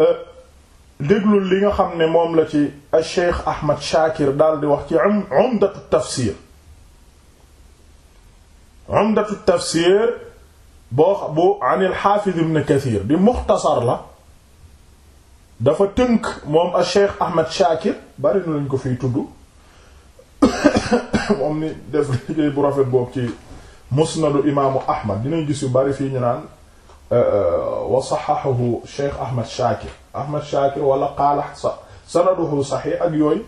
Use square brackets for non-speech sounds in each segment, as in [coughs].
Euh, déglul li nga xam ne moom la ci Cheikh Ahmad Shakir daal di wax ci um, Umdatu Tafsir Umdatu Tafsir boo bu an al-Hafiz Ibn Kathir di muxtasar la dafa tënk moom Cheikh Ahmad Shakir bari na lañ ko fiy tudd [coughs] moom ni def liggéey bu rafet boobu ci musnadu imaamu Ahmad dinañ gis yu bari fii ñu naan wa saxaxahu Cheikh Ahmad Shakir Ahmad Shakir wala qaala sanaduhu saxiix ak yooyu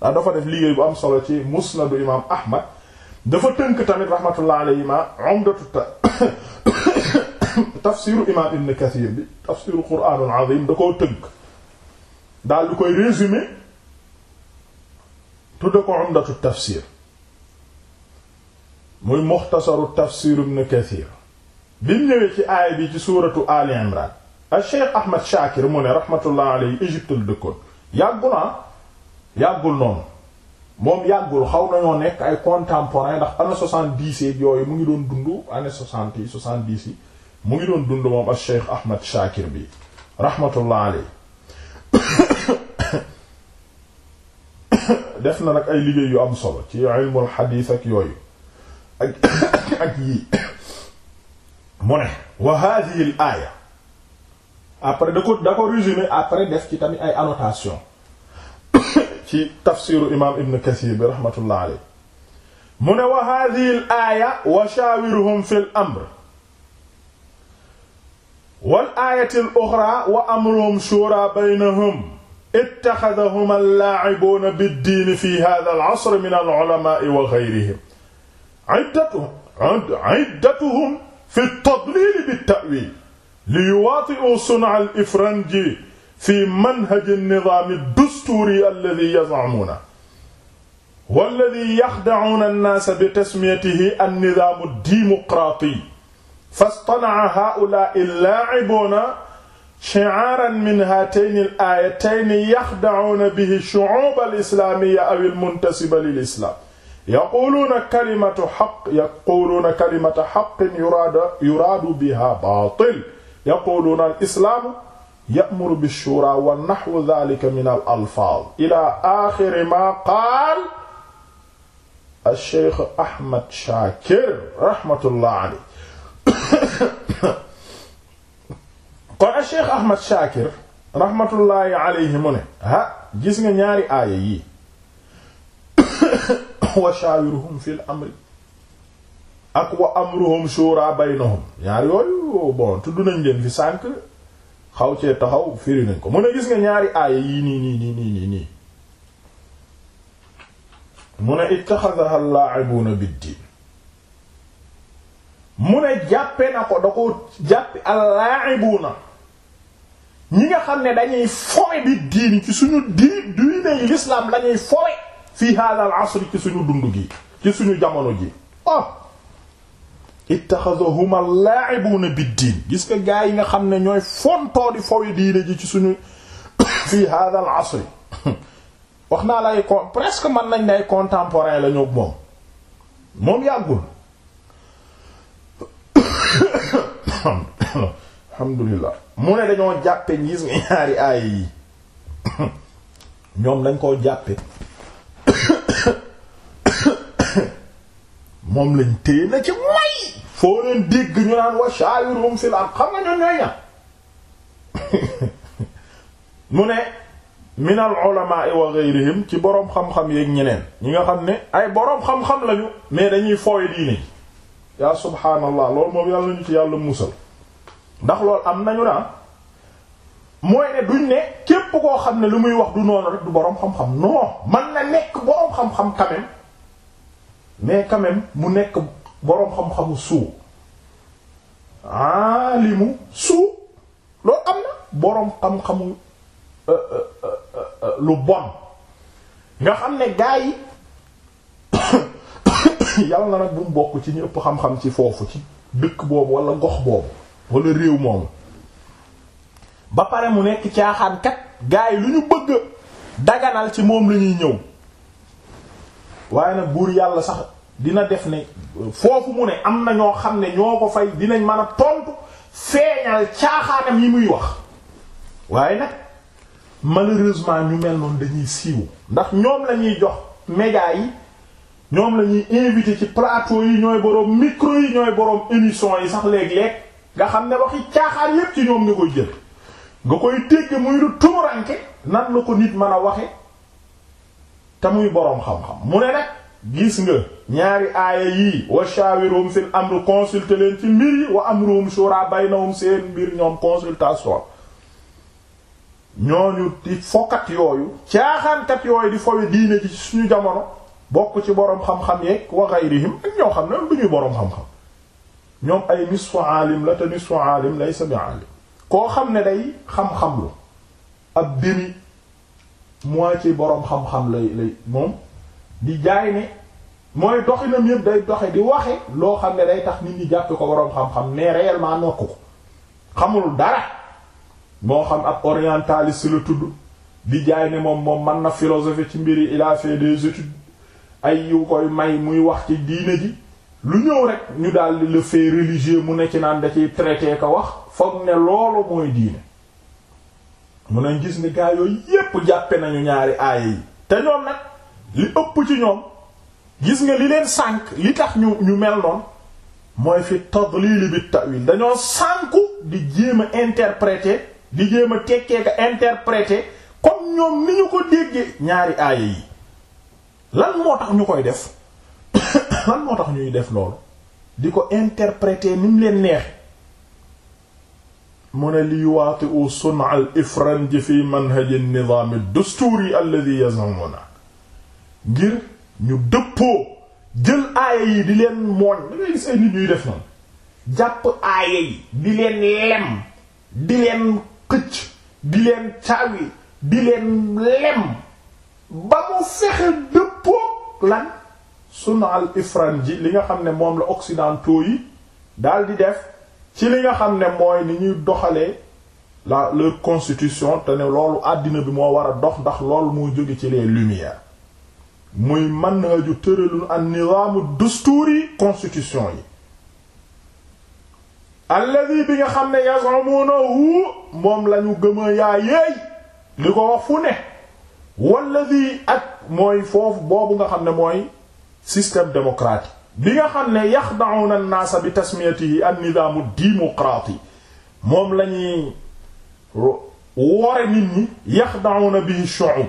ndax dafa bu am solo ci musnadu imaam Ahmad dafa tamit rahmatullah alayhima umdatu [coughs] tafsiru Ibn Kathir bi tafsiru Qur'aanul Azim da daal di koy résumé tudde ko umdatu tafsir muy muxtasaru tafsir Ibn Kathir bi ñëwee ci aaya bi ci suuratu Ali Imran al Cheikh Ahmed Shakir mu ne rahmatullah alayhi Égypte la dëkkoon yàggu ah yàggul noonu moom yàggul xaw nañoo nekk ay contemporain ndax année soixante-dix yi yooyu mu ngi doon dund année soixante yi soixante-dix mu ngi doon dund moom al Cheikh Ahmed Shakir bi rahmatullah alayhi [coughs] def na nag ay liggéey yu am solo ci ilmul xadiis ak yooyu ak [coughs] yii mu ne wa hadhihi al aaya après da ko da ko résumé après def ci tamit ay annotation [coughs] ci tafsiru imam ibn kathir bi rahmatullah alayhi mu ne wa hadhihi al aaya wa shaawirhum fi l amr wal aayati al uxra wa amruhum shura baynahum ittaxadahum allaacibuuna biddiini fi hada al asr min al ulamaai wa gayrihim iddatuhum iddatuhum fi tadlil bi ta'wil li yuwaati'u sun' al-ifranji fi manhaj an-nizaam ad-dusturi alladhi yaz'umuuna walladhi yakhda'uuna an-naasa bi tasmiyatihi an-nizaam ad-dimuqraati fastana'a haa'ulaa'i al-laa'ibuuna shi'aaran min haatayni al-aayatayni yakhda'uuna bihi ash-shu'uub al-islaamiyya aw al-muntasiba lil-islaam yaquluuna kalimatu xaq yaquluuna kalimata xaqin yuraadu yuraadu biha baatil yaquluuna al islaamu ya'muru bish-shuuraa wa naxwu zaalika min al alfaaz ilaa aaxiri maa qaal ash-shaykh Ahmad Shaakir rahmatullahi alayhi kon ash-shaykh Ahmad Shaakir rahmatullahi alayhi mu ne ah gis nga ñaari aaya yi wa shawiruhum fil amri ak wa amruhum shura baynahum ñaar yooyu bon tudd nañ leen fi sànq xaw cee taxaw firi nañ ko mu ne gis nga ñaari aaya yii nii nii nii nii nii nii mu ne ittaxadaha al-laa'ibuuna bid-diin mu ne jàppe na ko da ko jàppe al-laa'ibuuna ñi nga xam ne dañuy fowe bi diini ci suñu diin diine yi l'islam lañuy fowe fii hada al asr ci suñu dund gi ci suñu jamono ji oh ittaxadahum al-laa'ibuuna bid-diin gis nga gaa yi nga xam ne ñooy fontoo di fowi diine ji ci suñu [coughs] fii hada al asr [coughs] wax naa lay con presque mën nañ lay moom moom yàggul [coughs] alhamdulillah mu ne dañoo jàppe gis nga ñaari aay ñoom dañ koo jàppe moom lañ téye na ci may foo leen dégg ñu naan wa shawirhum fil am xam nga ñoon ñooy ña [laughs] mu ne min al ulama wa ghayrihim ci boroom xam-xam yeeg ñeneen ñi nga xam ne ay boroom xam-xam lañu mais dañuy foowe diine yi yaa subhaanallah loolu moom yàlla ñu ci yàlla musal ndax loolu am nañu na mooy ne duñ ne képp koo xam ne lu muy wax du noonu rek du boroom xam-xam non man na nekk boroom xam-xam quand mais quand mu nekk boroom xam-xamu suu aalimu suu loolu am na boroom xam-xamu euh, euh, euh, lu bon nga xam ne gaa yi [coughs] yàlla na nag bu mu bokk ci ñu ëpp xam-xam ci foofu ci dëkk boobu wala gox boobu wala réew moomu ba pare mu nekk caaxaankat gaa yi lu ñu bëgg daganal ci moom la ñuy ñëw waaye nag buur yàlla sax dina def ne foofu mu ne am na ñoo xam ne ñoo ko fay dinañ mën a tontu feeñal caaxaanam yi muy wax waaye nag malheureusement ñu mel noonu dañuy siiw ndax ñoom la ñuy jox médias yi ñoom lañuy invité ci plateau yi ñooy boroom micro yi ñooy boroom émission yi sax léeg-léeg nga xam ne waxi caaxaan yépp ci ñoom ñu ko jël nga koy dégg muy lu tumuranke nan la ko nit mën a waxe te muy boroom xam-xam mu ne nag gis nga ñaari aaya yii wa shawirum fil amru consulté leen ci mbir yi wa amruhum shura baynahum seen mbir ñoom consultation ñooñu di fokkat yooyu caaxaankat yooyu di fowe diine ci suñu jamono bokk ci boroom xam-xam yeeg wa ghayrihim ak ñoo xam ne du ñuy boroom xam-xam ñoom ay nisfu aalim la te nisfu aalim laysa bi aalim koo xam ne day xam-xam lu ab demi moitié boroom xam-xam lay lay moom di jaay ne mooy doxinam yëpp day doxe di waxe loo xam ne day tax nit ñi jàppe ko boroom xam-xam mais réellement nokku ko xamul dara moo xam ab orientaliste la tudd di jaay ne moom moom mën na philosophie ci mbir il a fait des études ay yu koy may muy wax ci diine ji lu ñëw rek ñu daldi le fait religieux mu ne ci naan da ciy traité ko wax foog ne loolu mooy diine mu nañ gis ni gaa yooyu yépp jàppe nañu ñaari aaya yi te ñoom nag li ëpp ci ñoom gis nga li leen sànk li tax ñu ñu mel noonu mooy fi tadlil bi ta'wil dañoo sànku di jéem a interpréter di jéem a tekkee ka interpréter comme ñoom ni ñu ko déggee ñaari aaya yi lan moo tax ñu koy def [coughs] lan moo tax ñuy def loolu di ko interpréter ni mu leen neex mu ne li yuwaati u sun'a al ifranji fi manhaj an nizaam ad dusturi alladhi yazamuna ngir ñu dëppoo jël aaya yi di leen mooñ da ngay gis ay nit ñuy def noonu jàpp aaya yi di leen lem di leen xëcc di leen caawi di leen lem ba mu fexe dëppoo lan sun'a al ifranji li nga xam ne moom la occidentaux yi daal di def ci li nga xam ne mooy ni ñuy doxalee la leur constitution te ne loolu àddina bi moo war a dox ndax loolu moo jóge ci les lumières muy manhaju tëralul an nizaamu dusturi constitution yi alladi bi nga xam ne yazamunahu moom lañu gëm a yaa yéey li ko wax fu ne walladi ak mooy foofu boobu nga xam ne mooy système démocratique bi nga xam ne yaxda'una an-naasa bi yi an-nizaamu dimuqraati moom la ñuy wore nit ñi yaxda'una bihi shu'ub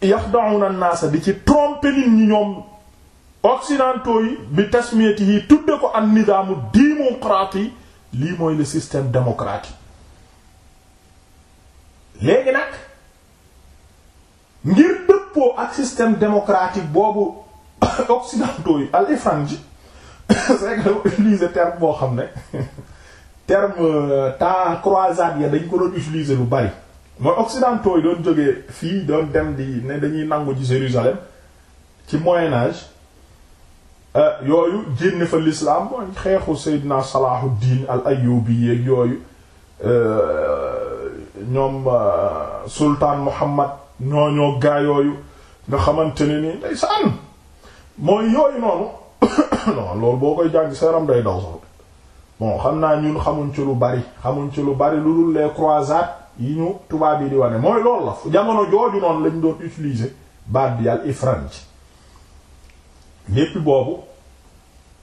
yaxda'una an-naasa di ci tromper nit ñi ñoom occidentaux yi bi tasmiyatihi tudde ko an-nizaamu dimuqraati lii mooy le système démocratique léegi nag ngir dëppoo ak système démocratique boobu [coughs] occidentaux yi al ifranji [coughs] c'est que terme boo xam ne [coughs] terme euh, temps croisade ya dañ ko doon lu bari mooy occidentaux yi doon jógee fii doon dem di ne dañuy nangu ci Jérusalem ci Moyen Âge euh, yooyu jénne fa l'islam mooy xeexu Seydina Salahuddin al Ayyubi yeeg yooyu euh, ñoom sultan Muhammad ñooñoo gaa yooyu nga xamante ni nii day saan mooy yooyu noonu [coughs] non loolu boo koy jàng seeram day daw sax bon xam naa ñun xamuñ ci lu bari xamuñ ci lu bari lu dul les croisades yi ñu tubaab yi di wane mooy loolu la jamono jooju noonu lañ doon utiliser baat bi al ifranj lépp boobu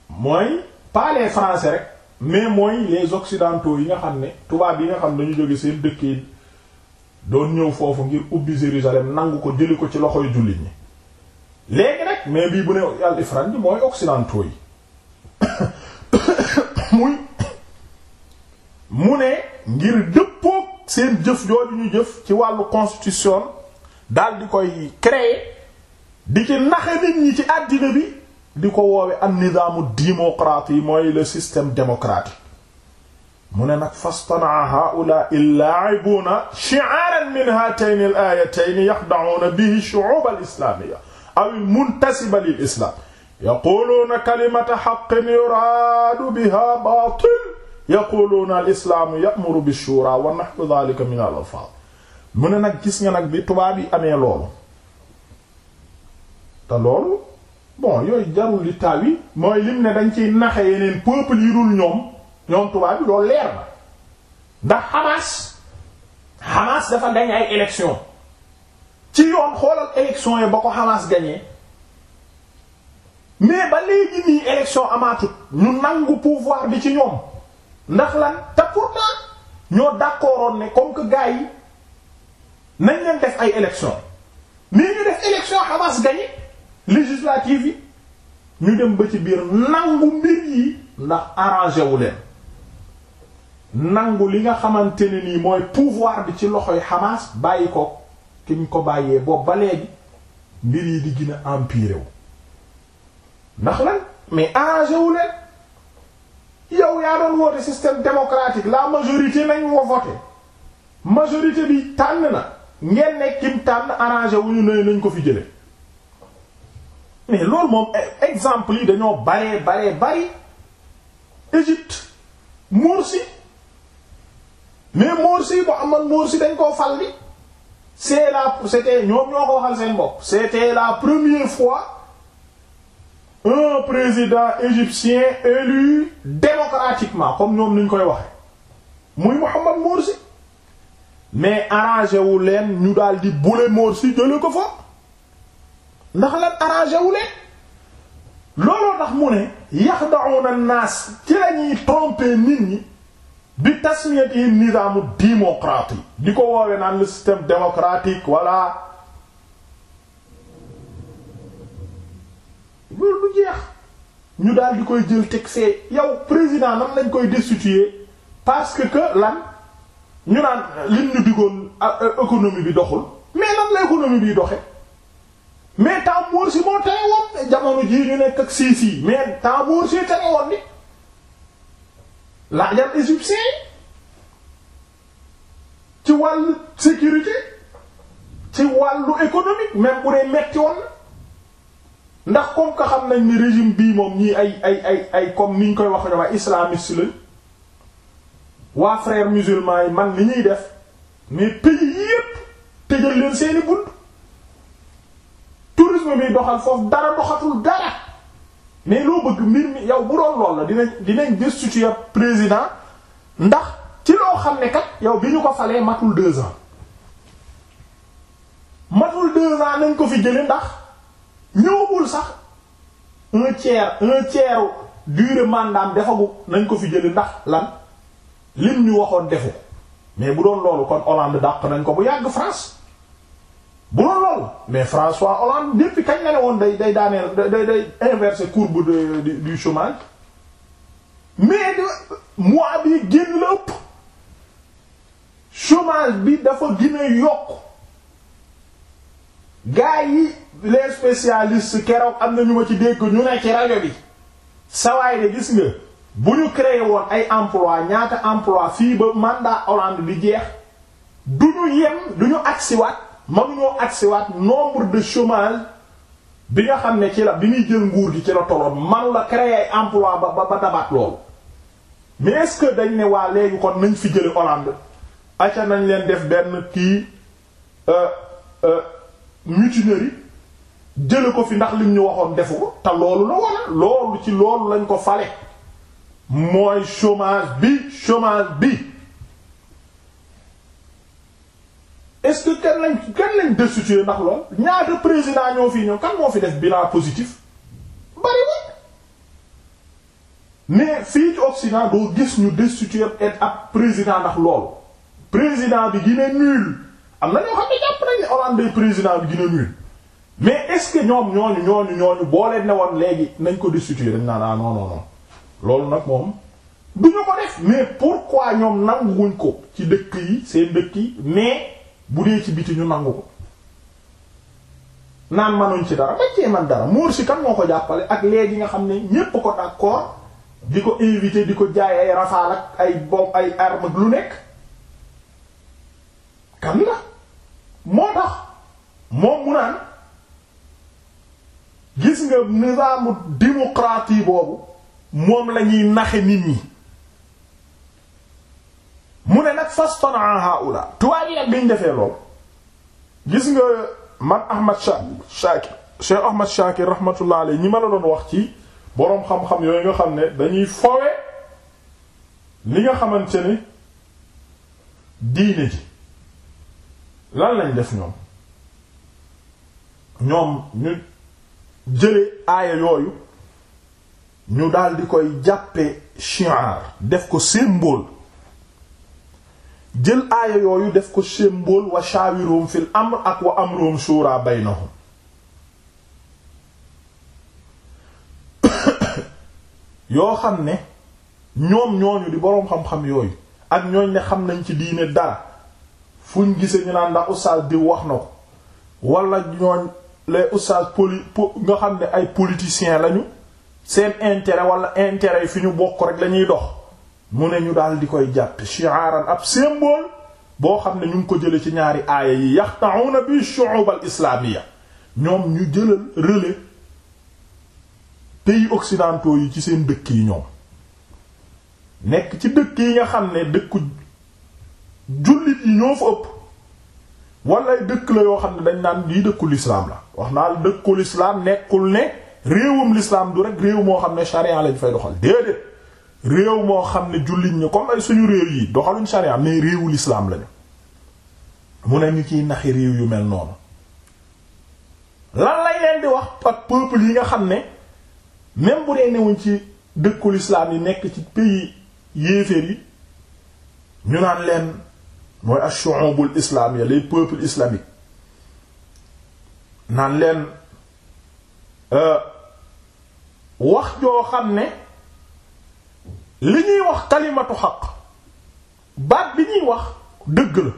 mooy pas les rek mais mooy les occidentaux yi nga xam ne tubaab yi nga xam ne dañu jóge seen dëkk yi doon ñëw foofu ngir ubbi Jérusalem nangu ko jëli ko ci loxoy jullit ñi léegi rek mais bii bu ne al ifrad bi mooy occidentaux yi [coughs] mu ne ngir dëppook seen jëf jooju ñu jëf ci wàllu constitution dal di koy créer di ci naxe ñi ci àddina bi di ko woowe am nizaamu démocrate yi mooy le système démocratique mu ne nag fastanaa haula illaaibuna shi'aran min hatayni al ayatayni yaxda'una bihi shu'ub al islamiyya aw muntasiba lil islaam yaquluuna kalimata haqqin yuraadu biha baatil yaquluuna al islaamu ya'muru bish-shuuraa wa nahwu min al mu ne nag gis nga nag bi tubaab yi amee loolu te loolu bon jarul li taaw yi lim ne dañ ci naxe yeneen peuple yi dul ñoom ñoom tubaab loolu leer na ndax Hamas dafa gañ ay élection ci yoon xoolal élection yi ba ko Hamas gagné mais ba léegi nii élection amaatut ñu nangu pouvoir bi ci ñoom ndax lan te pourtant ñoo d'accordoon ne comme que gars yi nañ def ay élection nii ñu def élection Hamas gagné législative yi ñu dem ba ci biir nangu mbir yi ndax arrangé nangu li nga xamante ne nii mooy pouvoir bi ci loxoy Hamas bàyyi ko. ki ñu ko bàyyee boo ba bi mbir yi di gën a empiré wu ndax la mais arrangé wu leen yow yaa doon woote système démocratique la majorité nañ ko voté majorité bi tànn na ngeen ne kim tànn arrangé wu ñu ne nañ ko fi jële mais loolu moom exemple yi dañoo baree baree bari Égypte Morsi mais Morsi Mohamed Morsi dañ koo fal bi c'est la c'était ñoom ñoo ko waxal seen bopp c'était la première fois un président égyptien élu démocratiquement comme ñoom niñ koy waxe muy Mohamed Morsi mais arrangé wu leen ñu daal di bule Morsi jële ko fa ndax lan arrangé wu leen looloo tax mu ne yaxda'una an-nas ci lañuy tromper nit ñi bi tasmiyati nizaamu démocratique di ko woowee naan le système démocratique voilà loolu du jeex ñu daal di koy jël teg see yow président nan lañ koy destituer parce que que lan ñu naan lim ñu digoon économie bi doxul mais lan la économie bi doxe mais temps Morsi moo tere woon jamono jii ñu nekk ak sii sii mais temps Morsi tere woon ni laajal égyptien ci wàllu sécurité ci wàllu économique même bu dee metti woon na ndax comme que xam nañ ni régime bii moom ñii ay ay ay ay comme niñ koy wax ñoom ay islamiste lañ waa frère musulman yi man ni ñuy def mais pays yépp tëjal leen seeni bunt tourisme bi doxal foofu dara doxatul dara mais loo bëgg mbir mi yow bu doon lool la dinañ dinañ destituer président ndax ci loo xam ne kat yow bi ñu ko falee matul deux ans matul deux ans nañ ko fi jële ndax ñëwagul sax un tiers un tiers durée mandaam defagu nañ ko fi jële ndax lan lim ñu waxoon defu mais bu doon loolu kon Hollande dàq nañ ko bu yàgg France bu loolu lool mais François Hollande depuis kañ la ne woon day day daaneel day day inverser courbe du du chômage mais de mois bi génn la ëpp chômage bi dafa gën yokk gars yi les spécialistes keroog am na ñu ma ci dégg ñu ne ci rajo bi sawaay de gis nga bu ñu créé woon ay emploi ñaata emploi fii ba mandat Hollande bi jeex du ñu yem du ñu agsiwaat mënuñoo agsi waat nombre de chômage bi nga xam ne ci la bi ñuy jël nguur gi ci la toloon manu la créer emploi ba ba ba dabaat loolu mais est-ce que dañ ne waa léegi kon nañ fi jële Hollande acca nañ leen def benn kii euh, euh, mutinerie jële ko fi ndax lim ñu waxoon defu ko te loolu la wala loolu ci loolu lañ ko fale mooy chômage bi chômage bi est-ce que kenn lañ kenn lañ destitué ndax lool ñaata président ñoo fi ñëw kan moo fi def bilan positif bari na mais fii ci Occident doo gis ñu destitué et ab président ndax lool président bi gën a nul am na ñoo xam ne jàpp nañ ne Hollande président bi gën a nul mais est ñoom ñooñu ñooñu ñooñu boo leen ne woon léegi nañ ko destitué dañ naan ah non loolu nag moom du ñu ko def mais pourquoi ñoom nanguwuñ ko ci dëkk yi seen dëkk yi mais. bu dee ci biti ñu nangu ko naan manuñ ci dara bañ cee man dara móor si kan moo ko jàppale ak léegi nga xam ne ñépp ko d'accord di ko invité di ko jaay ay rafaal ak ay bomb ay arme ak lu nekk kan la moo tax moom mu naan gis nga nizaamu démocratie boobu moom lañuy naxe nit ñi mu ne nag fastanaa haula tubaab yi ak biñ defee lool gis nga man Ahmad Shakir Cheikh Ahmad Shakir rahmatullah alayhi ñi ma la doon wax ci boroom xam-xam yooyu nga xam ne dañuy fowe li nga xamante ne diine ji lan lañ def ñoom ñoom ñu jële aaya yooyu ñu daal koy jàppe shi'ar def ko symbole jël aaya yooyu def ko symbole wa shaawiroom fil am ak wa amroom shura baynahum [coughs] yoo xam ne ñoom ñooñu di boroom xam-xam yooyu ak ñooñ ne xam nañ ci diine dara fuñ gisee ñu naan ndax oustaz di wax na ko wala ñooñ les oustaz poli ñoo xam ne ay politiciens lañu seen intérêt wala intérêt yi fi ñu bokk rek lañuy dox mu ne ñu daal di koy jàppe shi'aran ab symbole boo xam ne ñu ngi ko jële ci ñaari aaya yi yaxta'una bi shu'ub al islamiyya ñoom ñu jëlal relais pays occidentaux yi ci seen dëkk yi ñoom nekk ci dëkk yi nga xam ne dëkku jullit yi ñoo fa ëpp wala dëkk la yoo xam ne dañ daan lii dëkku lislaam la wax naa dëkku lislaam nekkul ne réewum lislaam du rek réew moo xam ne charia lañ fay doxal déedéet réew moo xam ne jullit ñi comme ay suñu réew yi doxaluñ sharia mais réewu lislaam lañu mu ne ñu ciy naxi réew yu mel noonu lan lay leen di wax ak peuple yi nga xam ne même bu dee newuñ ci dëkku lislaam yi nekk ci pays yéeféer yi ñu naan leen mooy ash-shu'ubul islamiyya les peuples islamiques naan leen euh, wax joo xam ne li ñuy wax kalimatu xaq baat bi ñuy wax dëgg la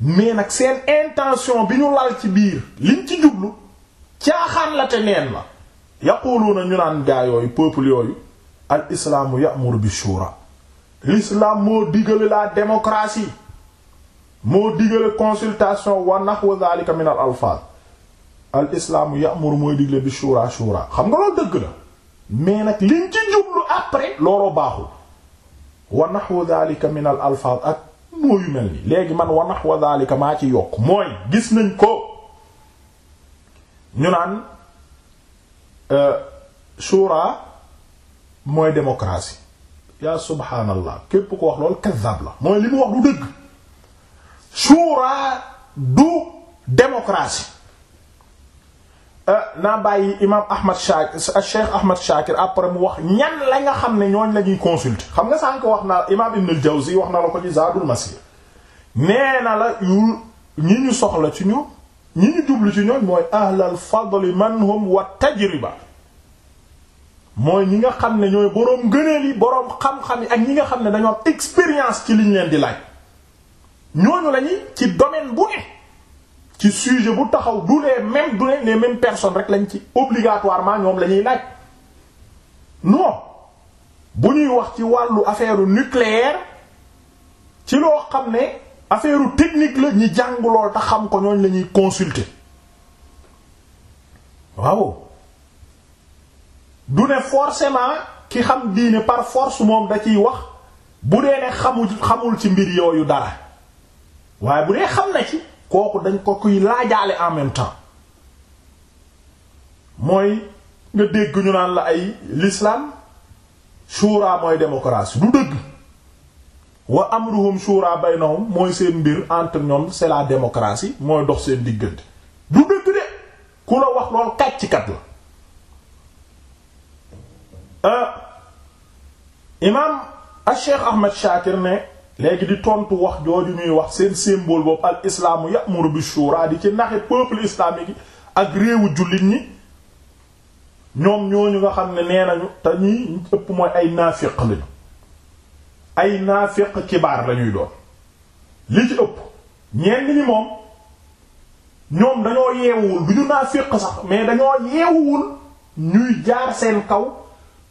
mais nag seen intention bi ñu lal ci biir liñ ci jublu caaxaan la te neen la yaquluuna ñu naan gaa yooyu peuple yooyu al islaamu ya'muru bi shura l'islam moo digale la démocratie moo digale consultation wa nahwa dhalika min al alfaaz al islaamu ya'muru mooy digle bi shura shura xam nga loolu dëgg la mais nag liñ ci jublu après looloo baaxul wa nahwu dhalika min al alfaaz ak mel ni léegi man wa nahwu dhalika maa ci yokk mooy gis nañ ko ñu naan euh, shura mooy démocratie yaa subhaanallah képp ko wax loolu kazzab la mooy li mu wax du dëgg shura du démocratie Euh, naa bàyyi imaam Ahmad Shakir euh, Cheikh Ahmad Shakir après mu wax ñan la nga xam ne ñooñ la ñuy consulter xam nga sànq wax naa imaam Ibn al-Jawzi wax na la ko ci Zadul Masir nee na la yu ñi ñu soxla ci ñu ñi ñu jublu ci ñoom mooy ahlal fadli manhum wa tajriba mooy ñi nga xam ne ñooy boroom gëneel yi boroom xam-xam yi ak ñi nga xam ne dañoo am expérience ci liñ leen di laaj ñooñu lañuy ci domaine bu ne. ci sujet bu taxaw du les mêmes du les mêmes personnes rek lañ ci obligatoirement ñoom la ñuy laaj bu ñuy wax ci wàllu affaire nucléaire ci loo xam ne affaire technique la ñi jàng lool te xam ko ñooñ la ñuy consulter waaw du ne forcément ki xam diine par force moom da ciy wax bu dee ne xamu xamul ci mbir yooyu dara waaye bu dee xam na ci. kooku dañ ko kuy laajaale en même temps mooy nga dégg ñu naan la ay lislaam shura mooy démocratie du dëgg wa amruhum shura baynahum mooy seen mbir entre ñoom c'est la mooy dox seen diggante du dëgg de ku la wax lool kàccikat la euh, imaam al Cheikh Ahmed Shakir ne léegi di tontu wax jooju ñuy wax seen symbole boobu al islaamu ya'muru bi shura di ci naxe peuple islamique yi ak réewu jullit ñi ñoom ñooñu nga xam ne nee nañu te ñi ëpp mooy ay naafiq lañu ay naafiq kibaar lañuy doon li ci ëpp ñenn ñi moom ñoom dañoo yeewuwul du ñu naafiq sax mais dañoo yeewuwul ñuy jaar seen kaw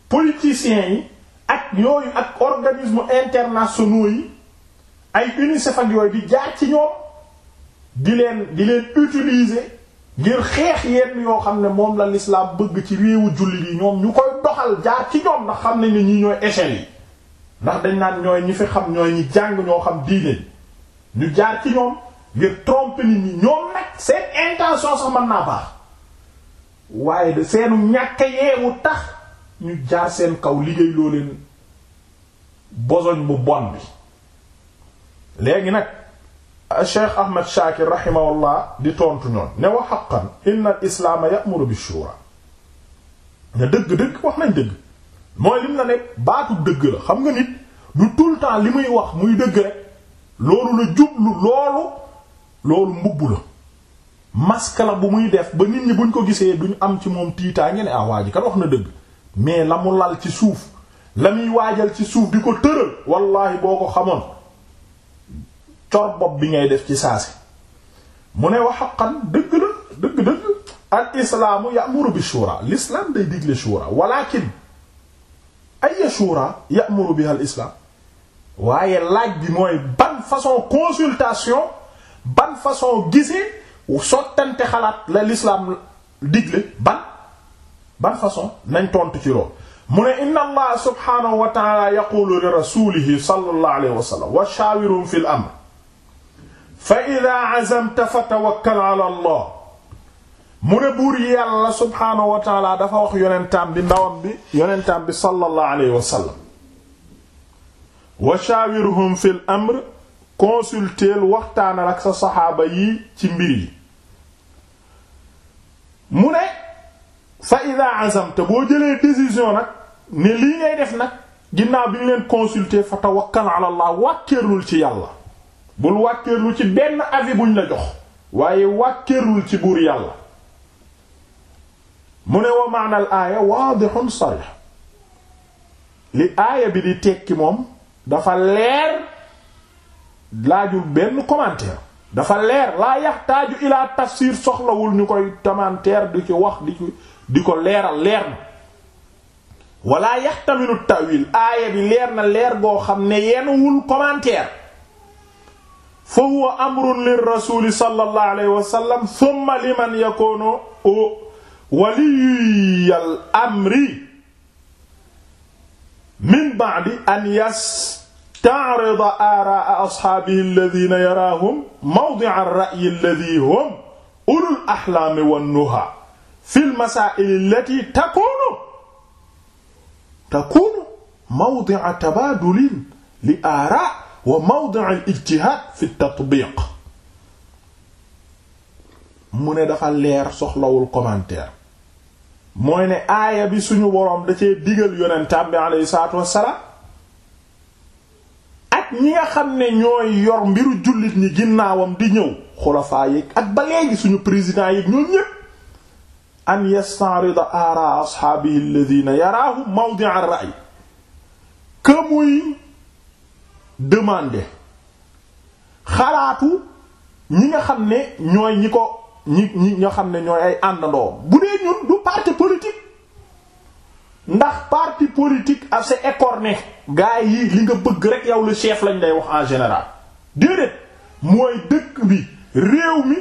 politiciens yi ak yooyu ak organisme internationaux yi ay UNICEF ak yooyu di jaar ci ñoom di leen di leen utilise ngir xeex yenn yoo xam ne moom la lislaam bëgg ci réewu jullit yi ñoom ñu koy doxal jaar ci ñoom ndax xam nañ ni ñi ñooy échelle yi ndax dañ naan ñooy ñi fi xam ñooy ñi jàng ñoo xam diine ñu jaar ci ñoom ngir tromper nit ñi ñoom nag seen intention sax mën naa baax waaye da seenu ñàkk yeewu tax ñu jaar seen kaw liggéey loo leen bosoñ mu bon bi léegi nag Cheikh Ahmed Shakir rahimahullah di tontu ñoon ne wa haqqan inna al islaama ya bi shura ne dëgg-dëgg wax nañ dëgg mooy lim la ne baatu dëgg la xam nga nit du tout le temps li muy wax muy dëgg rek loolu la jublu loolu loolu mbubb la masque bu muy def ba nit ñi buñ ko gisee duñ am ci moom tiitaa nge ne ah waa kan wax na dëgg mais la mu lal ci suuf la muy waajal ci suuf di ko tëral wallahi boo ko xamoon cor bopp bi ngay def ci saasi mu ne wa xaqan dëgg la dëgg-dëgg al islaamu ya'muru bi shura l'islam day digle ay shura ya'muru biha al waaye laaj bi mooy ban façon consultation ban façon gisee sottante xalaat la l'islam digle ban ban façon nañ tontu ci lool mu ne inna allah subhanahu wa ta'ala yaqulu li rasulihi sallallahu alayhi wa sallam fa idaa azamta fa tawakkal allah mu ne buur yàlla subhaanahu wa taala dafa wax yonentam bi ndawam bi yonentam bi sallallahu alayhi wa sallam wa shaawirhum fil amr consulteel waxtaanal ak sa saxaaba yi ci mbir mu ne fa idaa azamta boo jëlee décision nag ne lii ngay def nag ginnaaw bi leen consulter fa tawakkal allah wàkkeerul ci yàlla bul wàkkeerlu ci benn avi buñ la jox waaye wàkkeerlul ci buur yàlla mu ne wa maanaal aaya waadihun sarih li aaya bi di tekki moom dafa leer laajul benn commentaire dafa leer laa ilaa tafsir soxlawul ñu koy tamanteer di ci wax di ci di ko leeral leer na wala yaxtamilu tawil aaya bi leer na leer goo xam ne yenuwul commentaire fa huwa amrun lir rasuli sallallahu alayhi wa sallam thumma liman yakunu waliyal amri min ba'di an yasta'rida aara'a ashaabihi alladhina yaraahum mawdi'a ar-ra'yi alladhi hum ulul ahlaami wan-nuhaa fil masaa'ili allati takuunu takuunu mawdi'a tabaadulin li aaraa' wa mawdi' al-ijtihaad fi at-tatbiiq mu ne dafa leer soxlawul commentaire mooy ne aaya bi suñu boroom da cee diggal yonentam bi alayhi salaatu ak ñi nga xam ne ñooy yor mbiru jullit ñi ginnaawam di ñëw xulafaa yeeg ak ba léegi suñu président yi ñoom ñépp an yastaarida aara ashaabihi alladhiina yaraahu mawdi'a ar-ra'y kamuy demander xalaatu ñi nga xam ne ñooy ñi ko ñi ñi nga xam ne ñooy ay àndandoo bu dee ñun du parti politique ndax parti politique ak c'est écorné gars yi li nga bëgg rek yow le chef lañ lay wax en général déedéet mooy dëkk bi réew mi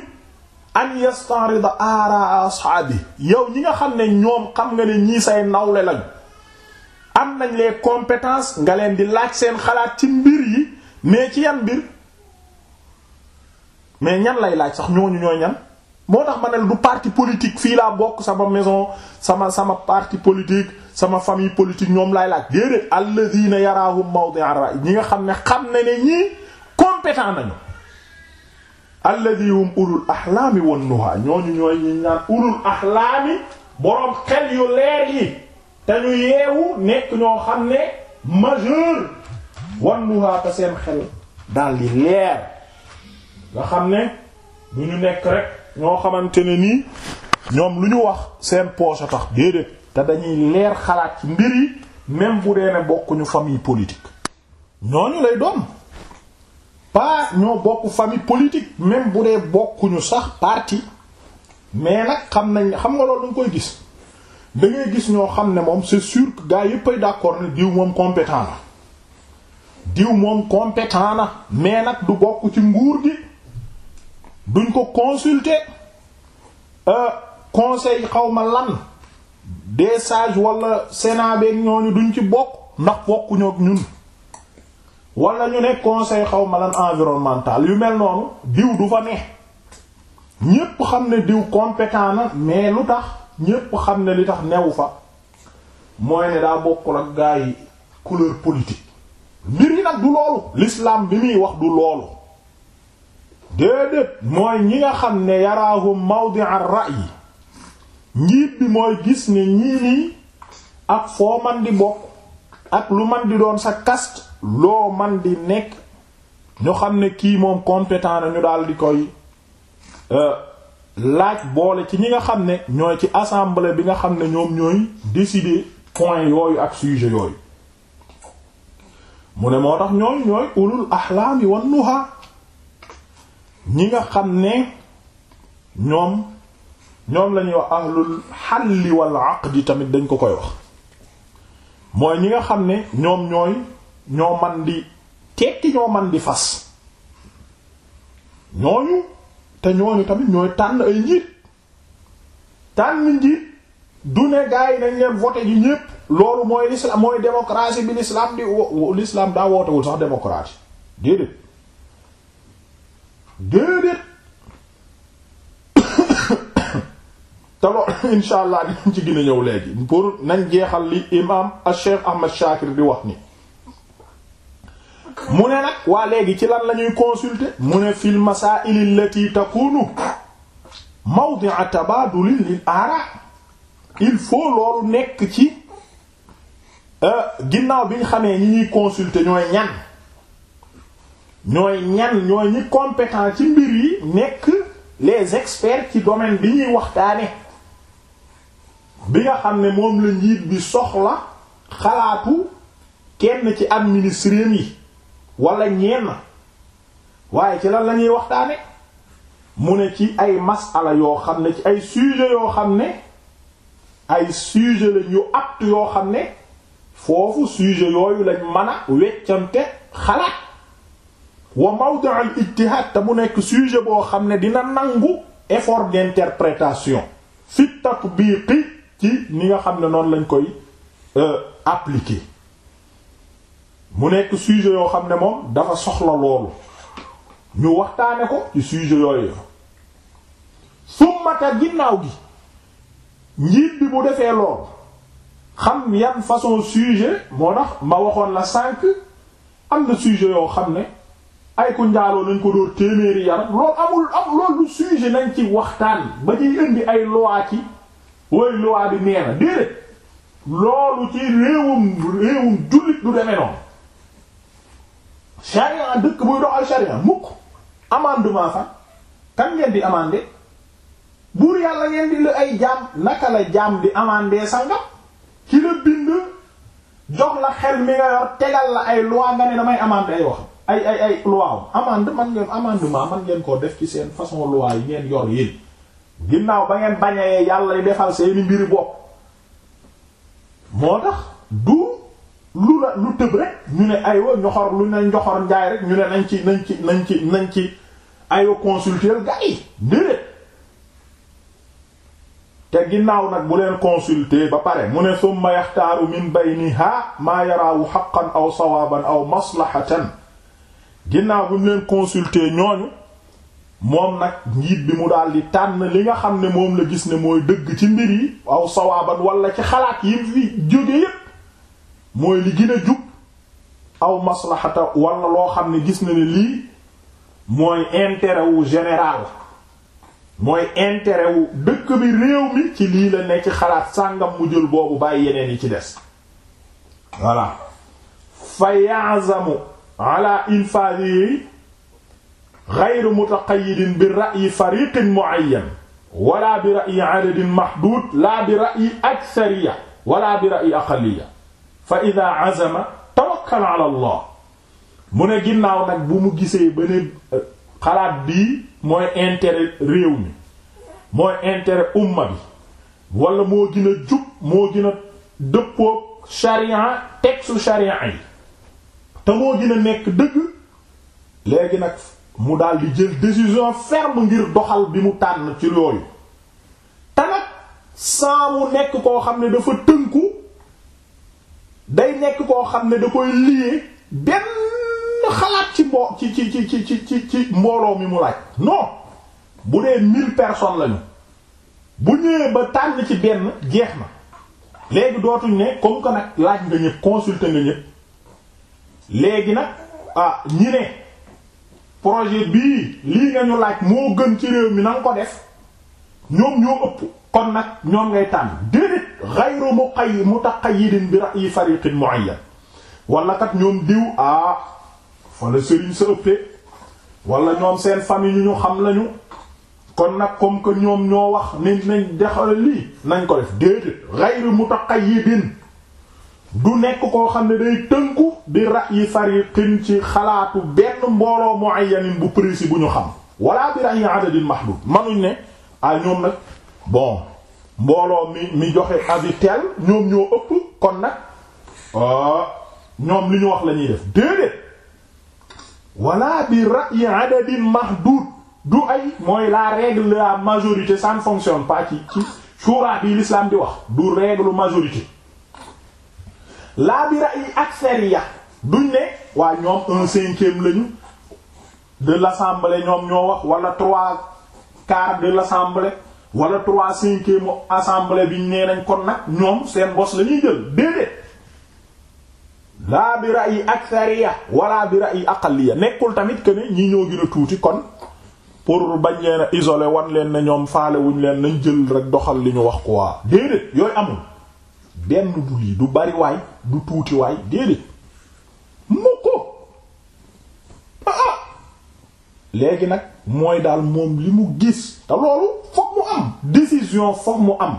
an yastanrida ara ashaabi yow ñi nga xam ne ñoom xam nga ne ñii say nawle lañ am nañ leen compétences nga leen di laaj seen xalaat ci mbir yi mais ci yan mbir mais ñan lay laaj sax ñooñu ñooy ñan moo tax ma ne la du parti politique fii laa bokk sama maison sama sama parti politique sama famille politique ñoom laay laaj déedéet alladhina yarahum mawdi'a ra'i ñi nga xam ne xam na ne ñii compétent nañu alladhi hum ulul ahlaami wan nuha ñooñu ñooy ñi ñaan ulul ahlaami boroom xel yu leer yi te ñu yeewu nekk ñoo xam ne majeur wan nuhaata seen xel daal di leer nga xam ne du ñu nekk rek ñoo xamante ne nii ñoom lu ñu wax seen poche a tax déedéet te dañuy leer xalaat ci mbir yi même bu dee ne bokkuñu famille politique ñooñu lay doon pas ñoo bokk famille politique même bu dee bokkuñu sax parti mais nag xam nañ xam nga loolu dañ koy gis da gis ñoo xam ne moom c'est sûr que gars yëpp ay d'accord ne diw moom compétent na diw moom compétent na mais nag du bokk ci nguur gi duñ ko consulter euh, conseil xaw ma lan des sages wala sénat beeg ñooñu duñ ci bokk ndax bokkuñoo ak ñun wala ñu ne conseil xaw ma lan environnemental yu mel noonu diw du fa ne ñépp xam ne diw compétent na mais lu tax. ñépp xam ne li tax newu fa mooy ne daa bokkul ak gaa yi couleur politique mbir yi nag du loolu l'islam bi muy wax du loolu déedéet mooy ñi nga xam ne yaraahum mawdi'a ra'yi njiit bi mooy gis ne ñii nii ak foo man di bokk ak lu man di doon sa caste loo man di nekk ñu xam ne kii moom competent na ñu daal di koy euh, laaj boole ci ñi nga xam ne ñooy ci assemblée bi nga xam ne ñoom ñooy décider point yooyu ak sujet yooyu mu ne moo tax ñooy ñooy ulul ahlaami wan nuha ñi nga xam ne ñoom ñoom lañuy ñuy wax ahlul xalli wal tamit dañ ko koy wax mooy ñi nga xam ne ñoom ñooy ñoo man di tekki ñoo man di fas ñooñu te ñooñu tamit ñooy tànn ay njiit tànn njiit du ne gars yi nañ leen voté ji ñépp loolu mooy l'islam mooy démocratie bi l'islam di l'islam daa wootewul sax démocratie déedéet déedéet [coughs] te loolu [coughs] insha allah dinañ ci gën a ñëw léegi pour nañ jeexal li imam al Cheikh Ahmad Shakir di wax ni mu ne nag waa léegi ci lan lañuy ñuy consulter mu ne fil masaa'il allati takunu mawdi'a tabadul lil aara il faut loolu nekk ci euh, ginnaaw bi ñu xamee ñi ñuy consulter ñooy ñan ñooy ñan ñooy ñi compétent ci mbir yi nekk les experts ci domaine bi ñuy waxtaane bi nga xam ne moom la njiit bi soxla xalaatu kenn ci administrés yi wala ñenn waaye ci lan lañuy ñuy waxtaane mu ne ci ay masala yoo xam ne ci ay sujet yoo xam ne ay sujet lañ yu at yoo xam ne foofu sujet yooyu lañ mën a weccante xalaat wa mawdu' al ijtihad te mu nekk sujet boo xam ne dina nangu effort d'interprétation fi tatbiqi ci ni nga xam ne noonu lañ koy euh, appliquer mu nekk sujet yoo xam ne moom dafa soxla loolu ñu waxtaane ko ci sujet yooyu summata ginnaaw gi njiit bi bu defee loolu xam yan façon sujet moo tax ma waxoon la sànq am na sujet yoo xam ne ay ku njaaloo nañ ko dóor téeméeri yar loolu amul am loolu lu nañ ci waxtaan ba ciy indi ay loi ci woy loi bi nee na déedéet loolu ci réewum réewum jullit du demee noonu charia dëkk buy doxal charia mukk amendement fa kan ngeen di amender buur yàlla ngeen di lu ay jaam naka la jaam di amender sangam ki la bind jox la xel mi nga yor tegal la ay loi nga ne damay amender ay wax ay ay ay loi amende man ngeen amendement man ngeen koo def ci seen façon loi yi ngeen yor yéen ginnaaw ba ngeen bañee yàlla defal seeni mbiri bopp moo tax du lu la lu tëb rek ñu ne aywa ñoxor lu ne njoxor njaay rek ñu ne nañ ci nañ ci nañ ci nañ ci aywa consulter gaa yi te ginnaaw nag bu leen consulter ba pare mu ne summa yaxtaaru min bayniha maa yaraawu xaqan aw sawaaban aw maslahatan ginnaaw bu ñu leen consulter ñooñu moom nag njiit bi mu daal di tànn li nga xam ne moom la gis ne mooy dëgg ci mbir yi aw sawaaban walla ci xalaat yi jóge yépp mooy li gën a jub aw maslahata wala loo xam ne gis na ne lii mooy intérêt wu général mooy intérêt dëkk bi réew mi ci lii la nekk ci xalaat sàngam mu jël boobu bàyyi yeneen yi ci des voilà fa ya'zamu ala infadihi ghayru mutaqayyidin bi ra'yi fariqin mu'ayyan wala bi ra'yi adadin mahdud la bi ra'yi aksariya wala bi ra'yi aqalliya fa ida azama tawakkal ala mu ne ginnaaw nag bu mu gisee ba ne euh, xalaat bii mooy intere réew mi mooy intere umma bi wala moo gën a jub moo gën a dëppoog sharia texte sharia yi te moo gën a nekk dëgg léegi nag mu daal di jël décision ferme ngir doxal bi mu tànn ci yooyu te nag saa nekk koo xam ne dafa tënku day nekk koo xam ne da koy lié benn xalaat ci mbo ci ci ci ci ci ci mbooloo mi mu laaj non bu dee mille personnes lañu bu ñëwee ba tànn ci benn jeex na léegi dootuñ ne comme que nag laaj nga ñëpp consulter nga ñëpp léegi nag ah ñi ne projet bii lii nga ñu laaj moo gën ci réew mi na ko def ñoom ñoo ëpp kon nag ñoom ngay tànn déedéet ghayru muqayyid mutaqayyidin bi yi fariqin mu'ayyan wala kat ñoom diw ah fa la sëriñ sa ëppee wala ñoom seen famille ñu xam lañu kon nag comme que ñoom ñoo wax ni nañ dexal lii nañ ko def mu ghayru mutaqayyidin du nekk koo xam ne day tënku di ra'yi fariqin ci xalaatu benn mbooloo mu'ayyanin bu précis bu ñu xam wala bi ra'yi adadin mahdud manuñ ne ah ñoom nag bon mbooloo mi mi joxe avis tel ñoom ñoo ëpp kon nag ah, ñoom li ñu wax la ñuy def déedéet wala bi ra'yi adadin mahdud du ay mooy la règle de la majorité ça ne fonctionne ci ci bi l'islam di wax du règle majorité la bi ra'yi aksariya duñ ne waa ñoom un cinquième lañu de l'assemblée ñoom ñoo wax wala trois quarts de l'assemblée wala trois cinquième assemblée bi nee nañ kon nag ñoom seen bos lañuy ñuy jël déedéet laa bi ra'yi akthariya wala bi ra'yi aqalliya nekkul tamit que ne ñi ñoo gën a tuuti kon pour bañ leen isole isolé wan leen na ñoom faale wuñ leen nañ jël rek doxal li ñu wax quoi déedéet yooyu amul benn du lii du bari waay du tuuti waay déedéet léegi nag mooy daal moom li mu gis te loolu fokk mu am décision fokk mu am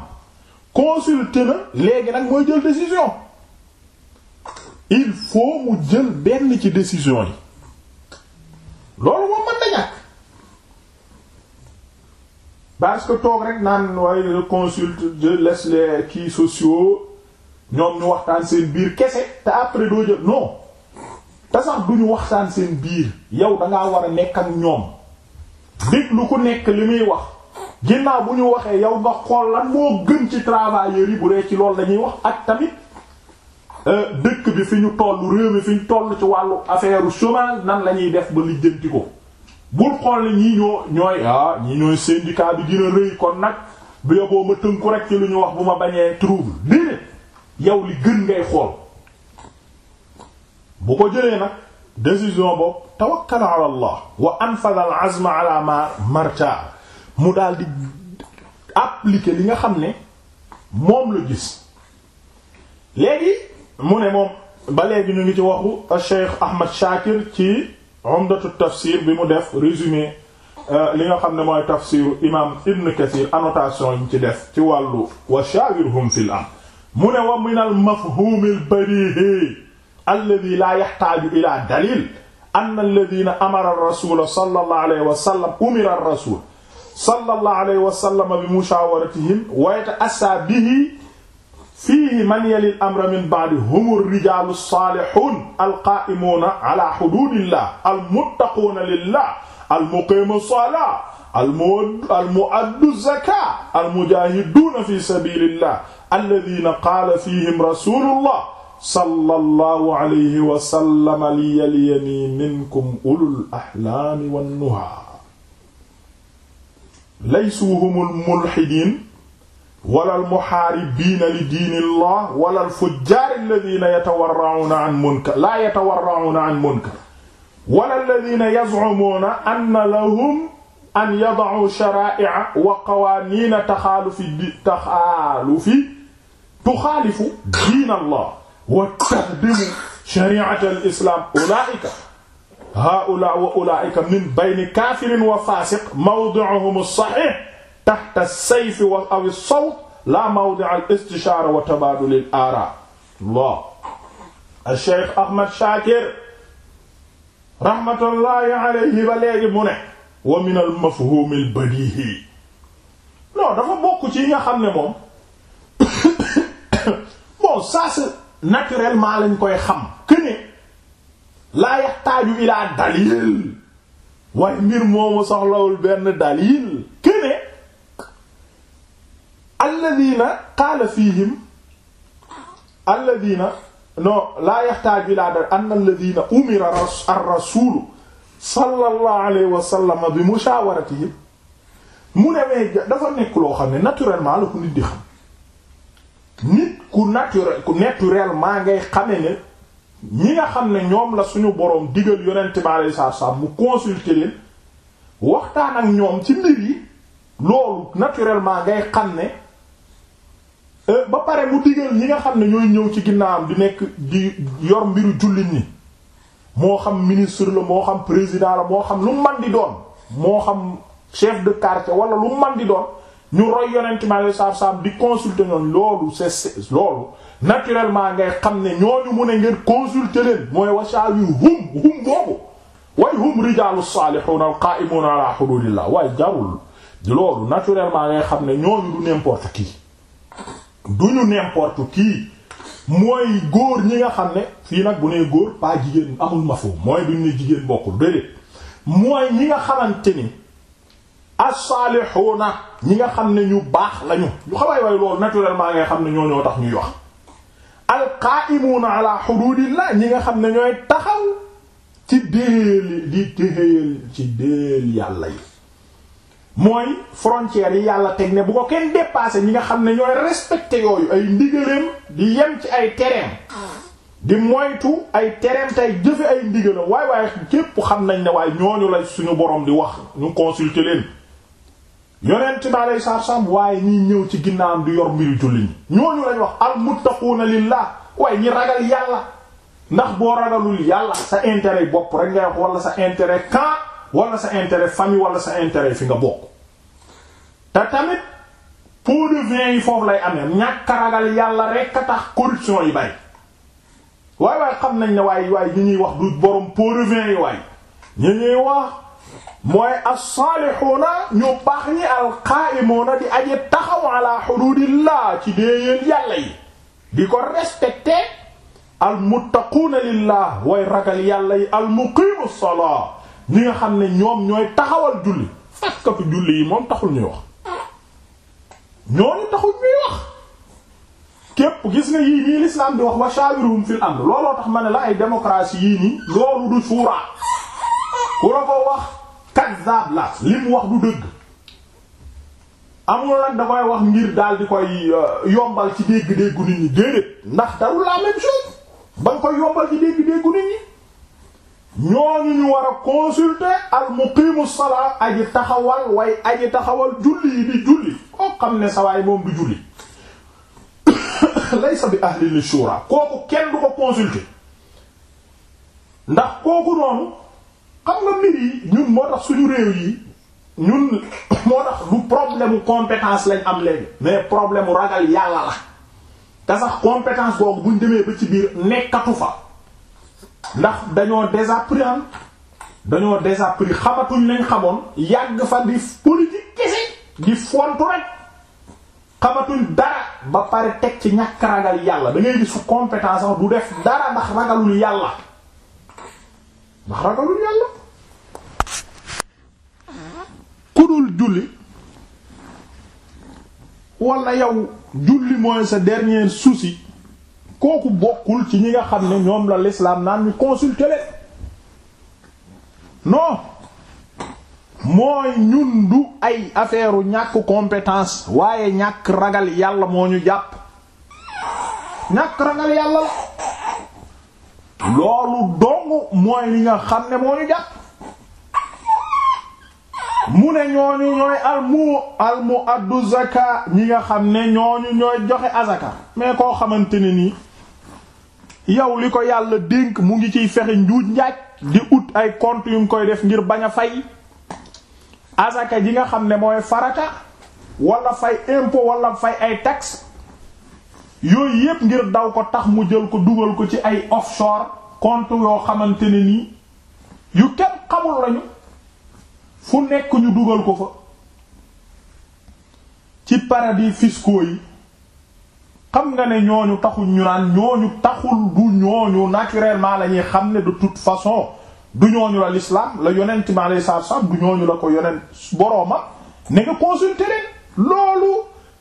consulté na léegi nag mooy jël décision il faut mu jël benn ci décision yi loolu moom mën na ñàkk parce que toog rek naan waaye je consulte je kii sociaux ñoom ñu waxtaan seen biir kese te après doo jël non te sax duñu waxtaan seen biir yow dangaa war a nekk ak ñoom lu ku nekk li muy wax ginnaaw bu ñu waxee yow nga xool lan moo gën ci travailleurs yi bu dee ci loolu dañuy wax ak tamit euh, dëkk bi fi ñu toll réew mi fi ñu toll ci wàllu affaire chômage nan la ñuy def ba lijjanti ko bul xool ñii ñoo ñooy ah ñii ñooy syndicat bi dina rëy kon nag bu yoboo ma tënku rek ci lu ñu wax bu ma bañee trouble déedéet yow li gën ngay xool bu ko jëlee nag décision boobu tawakkal ala allah wa anfadha al azma ma marta mu daal di appliquer li nga xam ne moom la gis léegi mu ne moom ba léegi ñu ngi ci waxu Cheikh Ahmad Shakir ci umdatu tafsir bi mu def résumé euh, li nga xam ne mooy tafsiru imam Ibn Kathir annotation yi ci def ci wàllu wa shawirhum fil am mu ne wa min al mafhum al barihi alladi laa yaxtaaju ila dalil anna alladina amara rasula sallallahu alayhi wa sallam umira rasul sallallahu alayhi wa sallam bi mushawaratihim wa yata'assa bihi fiihi man yali al-amra min ba'di humu ar-rijaalu as-saalihun al-qaa'imuuna ala huduudillah al-muttaquuna lillah al-muqiimu as-salaah al-mu'addu az-zakaah al-mujaahiduuna fi sabiilillah alladhiina qaala fiihim rasuulullah sallallahu alayhi wa sallam li yaliyani minkum ulul ahlaami wan nuha laysu humul mulhidiin wala al muhaaribiina li diini llah wala al fujjaar alladina yatawarrauna an munkar laa yatawarrauna an munkar wala alladina yazcumuuna anna lahum an yadacuu sharaa'ica wa qawaaniina taxaalufi tuxaalifu diina llah wa tahdimu shari'ata al islam ulaika haula wa ulaika min bayni kafirin wa fasiq mawdi'uhum as-sahih tahta as-sayf wa aw as-sawt la mawdi'a al-istishara wa tabadul al-ara Allah al-Shaykh Ahmad Shakir rahmatullahi alayhi ba léegi mu ne wa min al-mafhum al-badihi non dafa bokk ci nga xam ne moom [coughs] bon ça c'est naturellement lañ koy xam këne laa yaxtaaju ilaa dalil waaye mbir moomu soxlawul benn dalil këne alladina qaala fihim alladina non laa yaxtaaju ilaa dalil anna alladina umira ar-rasuulu sallallahu alayhi wa sallam bi mushaawaratihim mu ne dafa nekk loo xam ne naturellement la ko nit di xam nit ku naturel ku naturellement ngay xame ne ñi nga xam ne ñoom la suñu boroom digal yonent bi alayhi salaatu mu consulter leen waxtaan ak ñoom ci mbir yi loolu naturellement ngay xam ne euh, ba pare mu digal ñi nga xam ne ñooy ñëw ci ginnaawam di nekk di yor mbiru jullit ñi moo xam ministre la moo xam président la moo xam lu man di doon moo xam chef de quartier wala lu man di doon ñu roy yonent mi alayhi salaatu salaam di consulter ñoom loolu c'est loolu naturellement ngay xam ne ñooñu mu ne ngeen consulter leen mooy wasaa yu hum hum boobu way hum rijaalu saalihuuna alqaa'imuuna ala huduudillah waaye jarul loolu naturellement ngay xam ne ñooñu du n'importe qui duñu n'importe qui mooy góor ñi nga xam ne fii nag bu nee góor pas jigéen amul ma foofu mooy duñ ne jigéen bokkul déedéet mooy ñi nga xamante ni as-salihuna ñi nga xam ne ñu baax lañu ñu xawaay way loolu naturellement nga xam ne ñoo ñoo tax ñuy wax al-qa'imuna ala hududillah ñi nga xam ne ñooy taxal ci déeli di déel ci déel yàlla yi mooy frontières yi yàlla teg ne bu ko kenn dépasser ñi nga xam ne ñooy respecter yooyu ay ndigaleem di yem ci ay tereem di moytu ay tereem tey jëfe ay ndigaleem waaye waaye képp xam nañ ne waaye ñooñu lay suñu borom di wax ñu consulter leen yonent bi aleyhi salaatu waaye ñiy ñëw ci ginnaawam di yor mbiru julli ñi ñooñu lañ wax al muttaquuna lillah waaye ñi ragal yàlla ndax boo ragalul yàlla sa intérêt bopp rek ngay wax wala sa intérêt camp wala sa intérêt famille wala sa intérêt fi nga bokk te tamit pot de vin yi foofu lay amee ñàkk ragal yàlla rek a tax corruption yi bay waaye waaye xam nañ ne waaye waaye ñi ñuy wax du borom pour de vin yi waaye ñi ñuy wax. mooy as-saalihuuna ñu baax ñi al-qaa'imuuna di aji taxaw ala xuduudillah ci déeyéen yàlla yi di ko respecté al-muttaquuna lillah way ragal yàlla yi al-muqiimu salaa ñi nga xam ne ñoom ñooy taxawal julli faskatu julli yi moom taxul ñuy wax ñooñu taxul ñuy wax képp gis nga yii nii l'islam di wax wa shaawiruhum fil amr looloo tax ma ne la ay démocratie yi nii loolu du suuraa ku la wax kaddaab la li wax du dëgg amul nag da wax ngir daal di koy euh, yombal ci dégg-déggu nit ñi déedéet ndax darul la même chose ba nga koy yombal ci dégg-déggu nit ñi ñooñu ñu war a consulter al muqimu salaa aji taxawal way aji taxawal julli yi di julli koo xam ne sawaay moom du julli [coughs] laysa bi ahli li kooku kenn du ko consulter ndax kooku noonu xam nga mbir yi ñun moo tax suñu réew yi ñun [coughs] moo tax du problème mu compétence lañ am léegi mais problème mu ragal yàlla la te sax compétence boobu buñ demee ba ci biir nekkatu fa ndax dañoo désappris am dañoo désappris xamatuñ lañ xamoon yàgg fa di politique kese di fontu rek xamatuñ dara ba pare teg ci ñàkk ragal yàlla da ngay gis su compétence sax du def dara ndax ragalul yàlla ndax ragalul yàlla ku dul julli wala yow julli mooy sa dernier souci kooku bokkul ci ñi nga xam ne ñoom la l'islam naan ñu consulter leen non mooy ñun du ay affaire ñàkk compétence waaye ñàkk ragal yàlla moo ñu jàpp ñàkk ragal yàlla loolu dong mooy li nga xam ne moo ñu jàpp mu ne ñooñu ñooy almu almu addu zaka ñi nga xam ne ñooñu ñooy joxe azaka mais koo xamante ne nii yow li ko yàlla dénk mu ngi ciy fexe njuuj njaaj di ut ay compte yu ngi koy def ngir bañ a fay azaka ji nga xam ne mooy farata wala fay impôt wala fay ay taxe yooyu yépp ngir daw ko tax mu jël ko dugal ko ci ay offshore kont yoo xamante ne nii yu kenn xamul lañu fu nekk ñu dugal ko fa ci paradis fiscaux yi xam nga ne ñooñu taxul ñu naan ñooñu taxul du ñooñu naturellement la ñuy xam ne de toute façon du ñooñu la l'islam la yonent ma lay saab saab du ñooñu la ko yonent borooma ne nga consulter leen loolu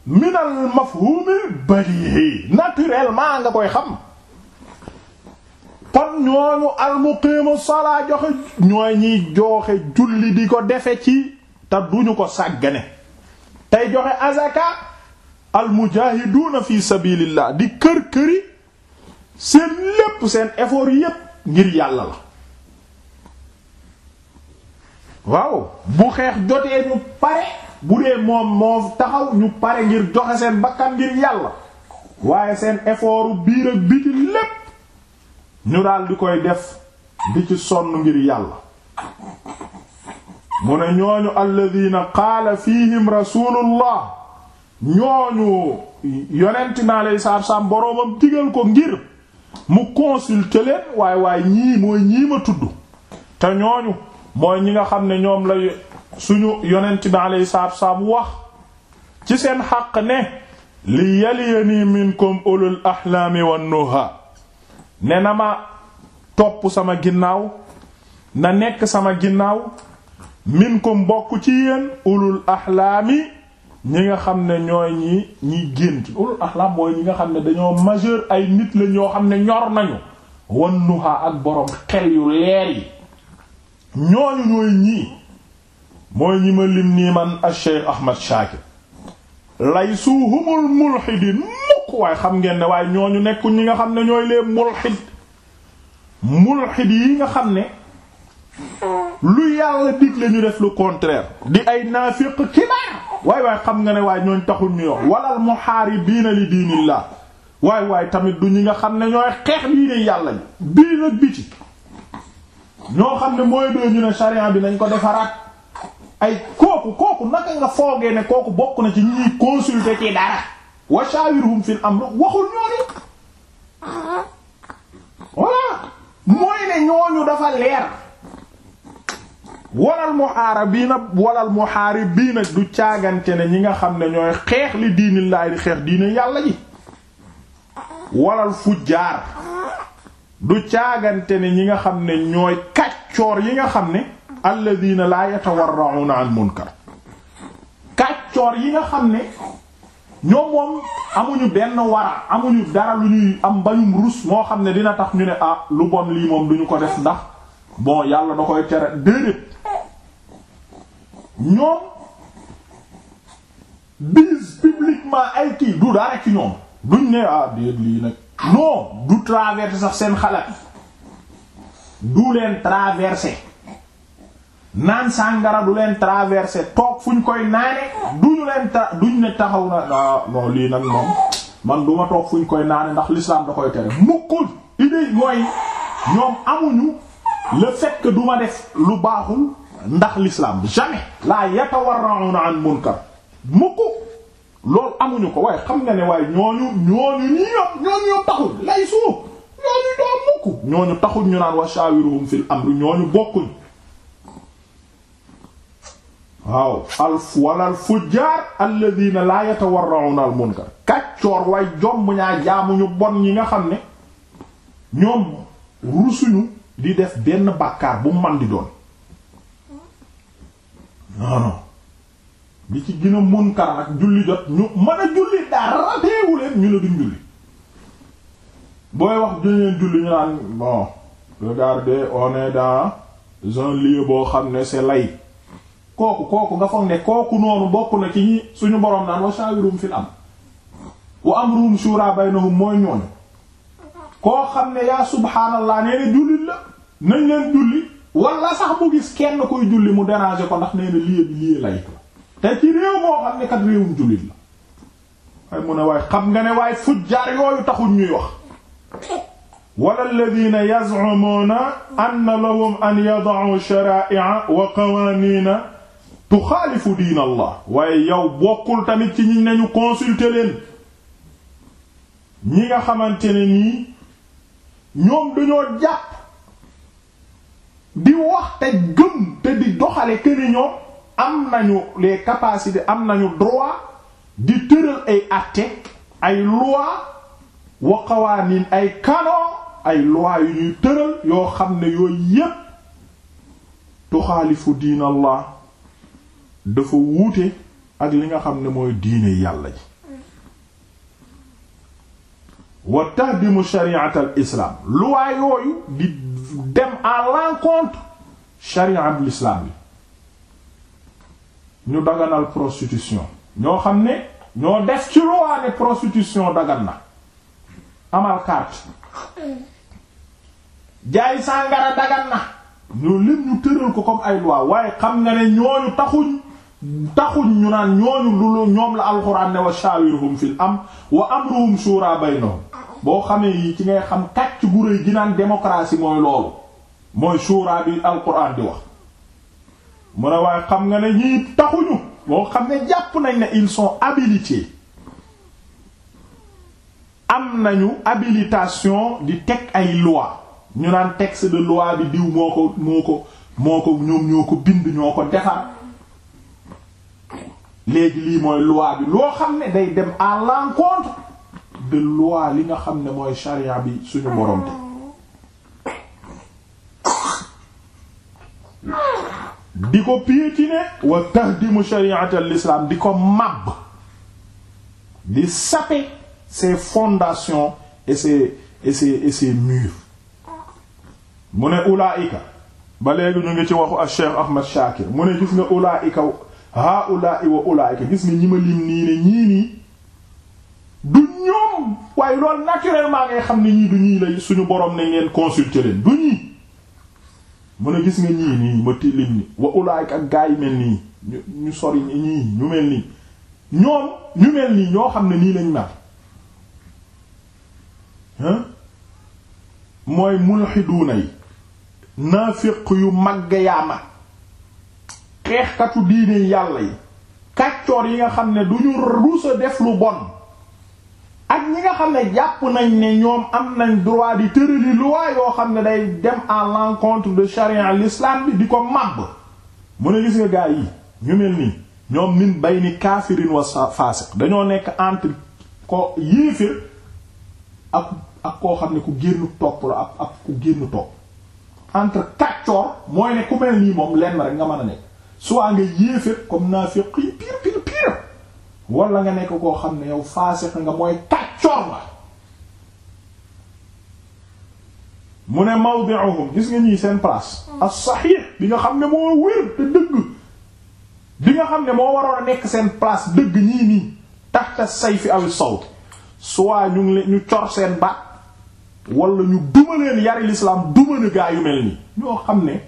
minal mafhumi balihi naturellement nga koy xam kon ñooñu almuqimu salaa joxe ñooy ñiy joxe julli di ko defe ci te duñu ko sàggane tey joxe azaka almujahiduuna fi sabilillah di kër-këri seen lépp seen effort yépp ngir yàlla la waaw bu xeex jotee ñu pare bu dee moom moo taxaw ñu pare ngir joxe seen bakkan ngir yàlla waaye seen effortu biir ak biti lépp ñu daal di koy def di ci sonn ngir yàlla mu ne ñooñu alladina qaala fihim rasulullah ñooñu yonent naa lay saab-saam boroomam digal ko ngir mu consulter leen waay waaye ñii mooy ñii ma tudd te ñooñu mooy ñi nga xam ne ñoom la suñu yonent bi alayhi salaatu wax ci seen xàq ne li yaliyani minkum ulul ahlaami wan nuha ne na ma topp sama ginnaaw na nekk sama ginnaaw minkum bokk ci yéen ulul axlaami ñi nga xam ne ñooy ñi ñiy gént ulul axlaam mooy ñi nga xam ne dañoo majeur ay nit la ñoo xam ne ñor nañu wan nuhaa ak boroom xel yu leer yi ñooñu ñooy ñii mooy ñi ma lim nii man al Cheikh Ahmad Shakir lay suuhumul mulhidin ko waaye xam ngeen ne waaye ñu nekku ñi nga xam ne ñooy lee mulhid mulhid yi nga xam ne lu yàlla digle ñu def lu contraire di ay naafiq kibaar waay waay xam nga ne waaye ñooñ taxul ñu yoon walal muhaaribiina li diinillah waay waaye tamit du ñi nga xam ne ñooy xeex diine yàlla bi bii nag biti ñoo xam ne mooy doo ñu ne sharia bi nañ ko defaraat ay kooku kooku naka nga foogee ne kooku bokk na ci ñuy consulter ci dara wa shawirhum fil amr waxul ñooñu voilà mooy ne ñooñu dafa leer walal muhaaribiina du caagante ne ñi nga xam ne ñooy xeex li diinillaahi di xeex diine yàlla ji walal fujjaar du caagante ne ñi nga xam ne ñooy kàccoor yi nga xam ne alladina laa yatawarra'una an kàccoor yi nga xam ne ñoom moom amuñu benn wara amuñu dara lu ñuy am mbañum rus moo xam ne dina tax ñu ne ah lu bon lii moom duñu ko def ndax bon yàlla da koy tere déedéet ñoom bise publiquement ay kii du dara ci ñoom duñ ne ah déet lii nag non du traverser sax seen xalaat du leen traverser naan sàngara du leen traversé toog fu ñu koy naane duñu leen ta taxaw ah, lii nag moom duma toog fu ñu koy naane ndax l'islam da koy tere mukkul idée mooy ñoom amuñu le fait que def lu baaxul ndax l'islam jamais la yatawarrauna an munkar loolu amuñu ko nga ne waaye ñooñu taxul ñu naan wa shawiruhum fil amri ñooñu bokkuñ waaw alf wala al fujjaar alladina laa yatawarrauna al munkar kàccoor way jomb ñaa jaamuñu bon ñi nga xam ne ñoom rusuñu di def benn bàkkaar bu man di doon non non bi ci gën a munkar ak julli jot ñu mën julli dara teewuleen ñu ne duñ julli boo xam ne c'est lay kooku kooku nga foog ne kooku noonu bokk na ci ñi suñu borom naan wa shawirum fil am wa amruhum shura baynahum mooy ñooñ koo xam ne yaa subhaanallah nee na jullit la nañ sax mu kenn koy julli mu déranger ko ndax nee na lieu bi lieu lay te ci moo xam ne kat réewum jullit la waaye mu ne waaye xam nga ne fujjaar yooyu taxul ñuy wax wala alladina yaz'umuna anna lahum an yad'u shara'i'a wa qawanina tuxaalifu diin allah waaye yow bokkul tamit ci ñi nañu consulter leen ñi nga xamante ne nii ñoom dañoo jàpp di wax te gëm te di doxale këni am nañu les capacités am nañu droit di tëral ay acte ay loi wa qawanin ay canon ay loi yu ñuy tëral yoo xam ne yooyu yépp tuxaalifu diin allah dafa wuute ak li nga xam ne mooy diine yàlla ji wa bi mu al islam loi yooyu di dem à l'encontre shari'a bi ñu daganal prostitution ñoo xam ne ñoo def ci loi ne prostitution dagan na amal carte jaay sàngara dagan na ñoo leen ñu tëral ko comme ay loi waaye xam nga ne ñooñu taxuñ taxuñ ñu naan ñooñu lulu ñoom la alxuraan ne wa shawirhum fil am wa amruhum shura baynahum boo xamee yi ci ngay xam kàcc gu rëy gi naan démocratie mooy loolu mooy shura bi alxuraan di wax mu ne waaye xam nga ne ñii taxuñu boo xam ne jàpp nañ ne il sont habilités am nañu habilitation di teg ay loi ñu naan texte de loi bi diw moo ko moo ko moo ko ñoom ñoo ko bind ñoo ko defar léegi lii mooy loi bi loo xam ne day dem à l'encontre de loi li nga xam ne mooy charia bi suñu borom bi di ko piétiner wa tahdimu chariatal islam di ko màbb di saper ses fondations et ses et ses et ses murs mu ne ulaika ba léegi ñu ngi ci waxu ak Cheikh Ahmad Shakir mu ne gis nga ulaika haula'i wa ulaika gis nga ñi ma lim nii ne ñii nii du ñoom waaye loolu naturellement ngay xam ne ñii du ñii lay suñu borom ne ngeen consulter leen du ñii mu ne gis nga ñii nii ma ti lim ni wa ulaika ak gaa yi mel nii ñu ñu sori ñu mel nii ñoom ñu mel nii ñoo xam ne nii lañ mel hein mooy mulxiduuna yi naafiq yu màgg yaama xeexkatu diine yàlla yi kàccoor yi nga xam ne du ñu rusa def lu bon ak ñi nga xam ne jàpp nañ ne ñoom am nañ droit di tërali loi yoo xam ne day dem à l'encontre de charia l'islam bi di ko màbb mu ne gis nga gaa yi ñu mel nii ñoom min bay ni kaafirin wa faasiq dañoo nekk entre ko yéefér ak koo xam ne ku génn topp la ak ak ku génn topp entre kàccoor mooy ne ku mel nii moom lenn rek nga mën a nekk soit nga yéeféer comme naafiq yi pire pire pire wala nga nekk koo xam ne yow faasiq nga mooy tax tàccoor la mu ne mawdi'uhum gis nga ñii seen place mm. as-sahih bi nga xam ne moo wér te dëgg bi nga xam ne moo waroon a nekk seen place dëgg ñii nii tahta sayfi aw sawt soit ñu ngi ñu cor seen baat wala ñu dumaleen yari l'islam dumale gaa yu mel nii ñoo xam ne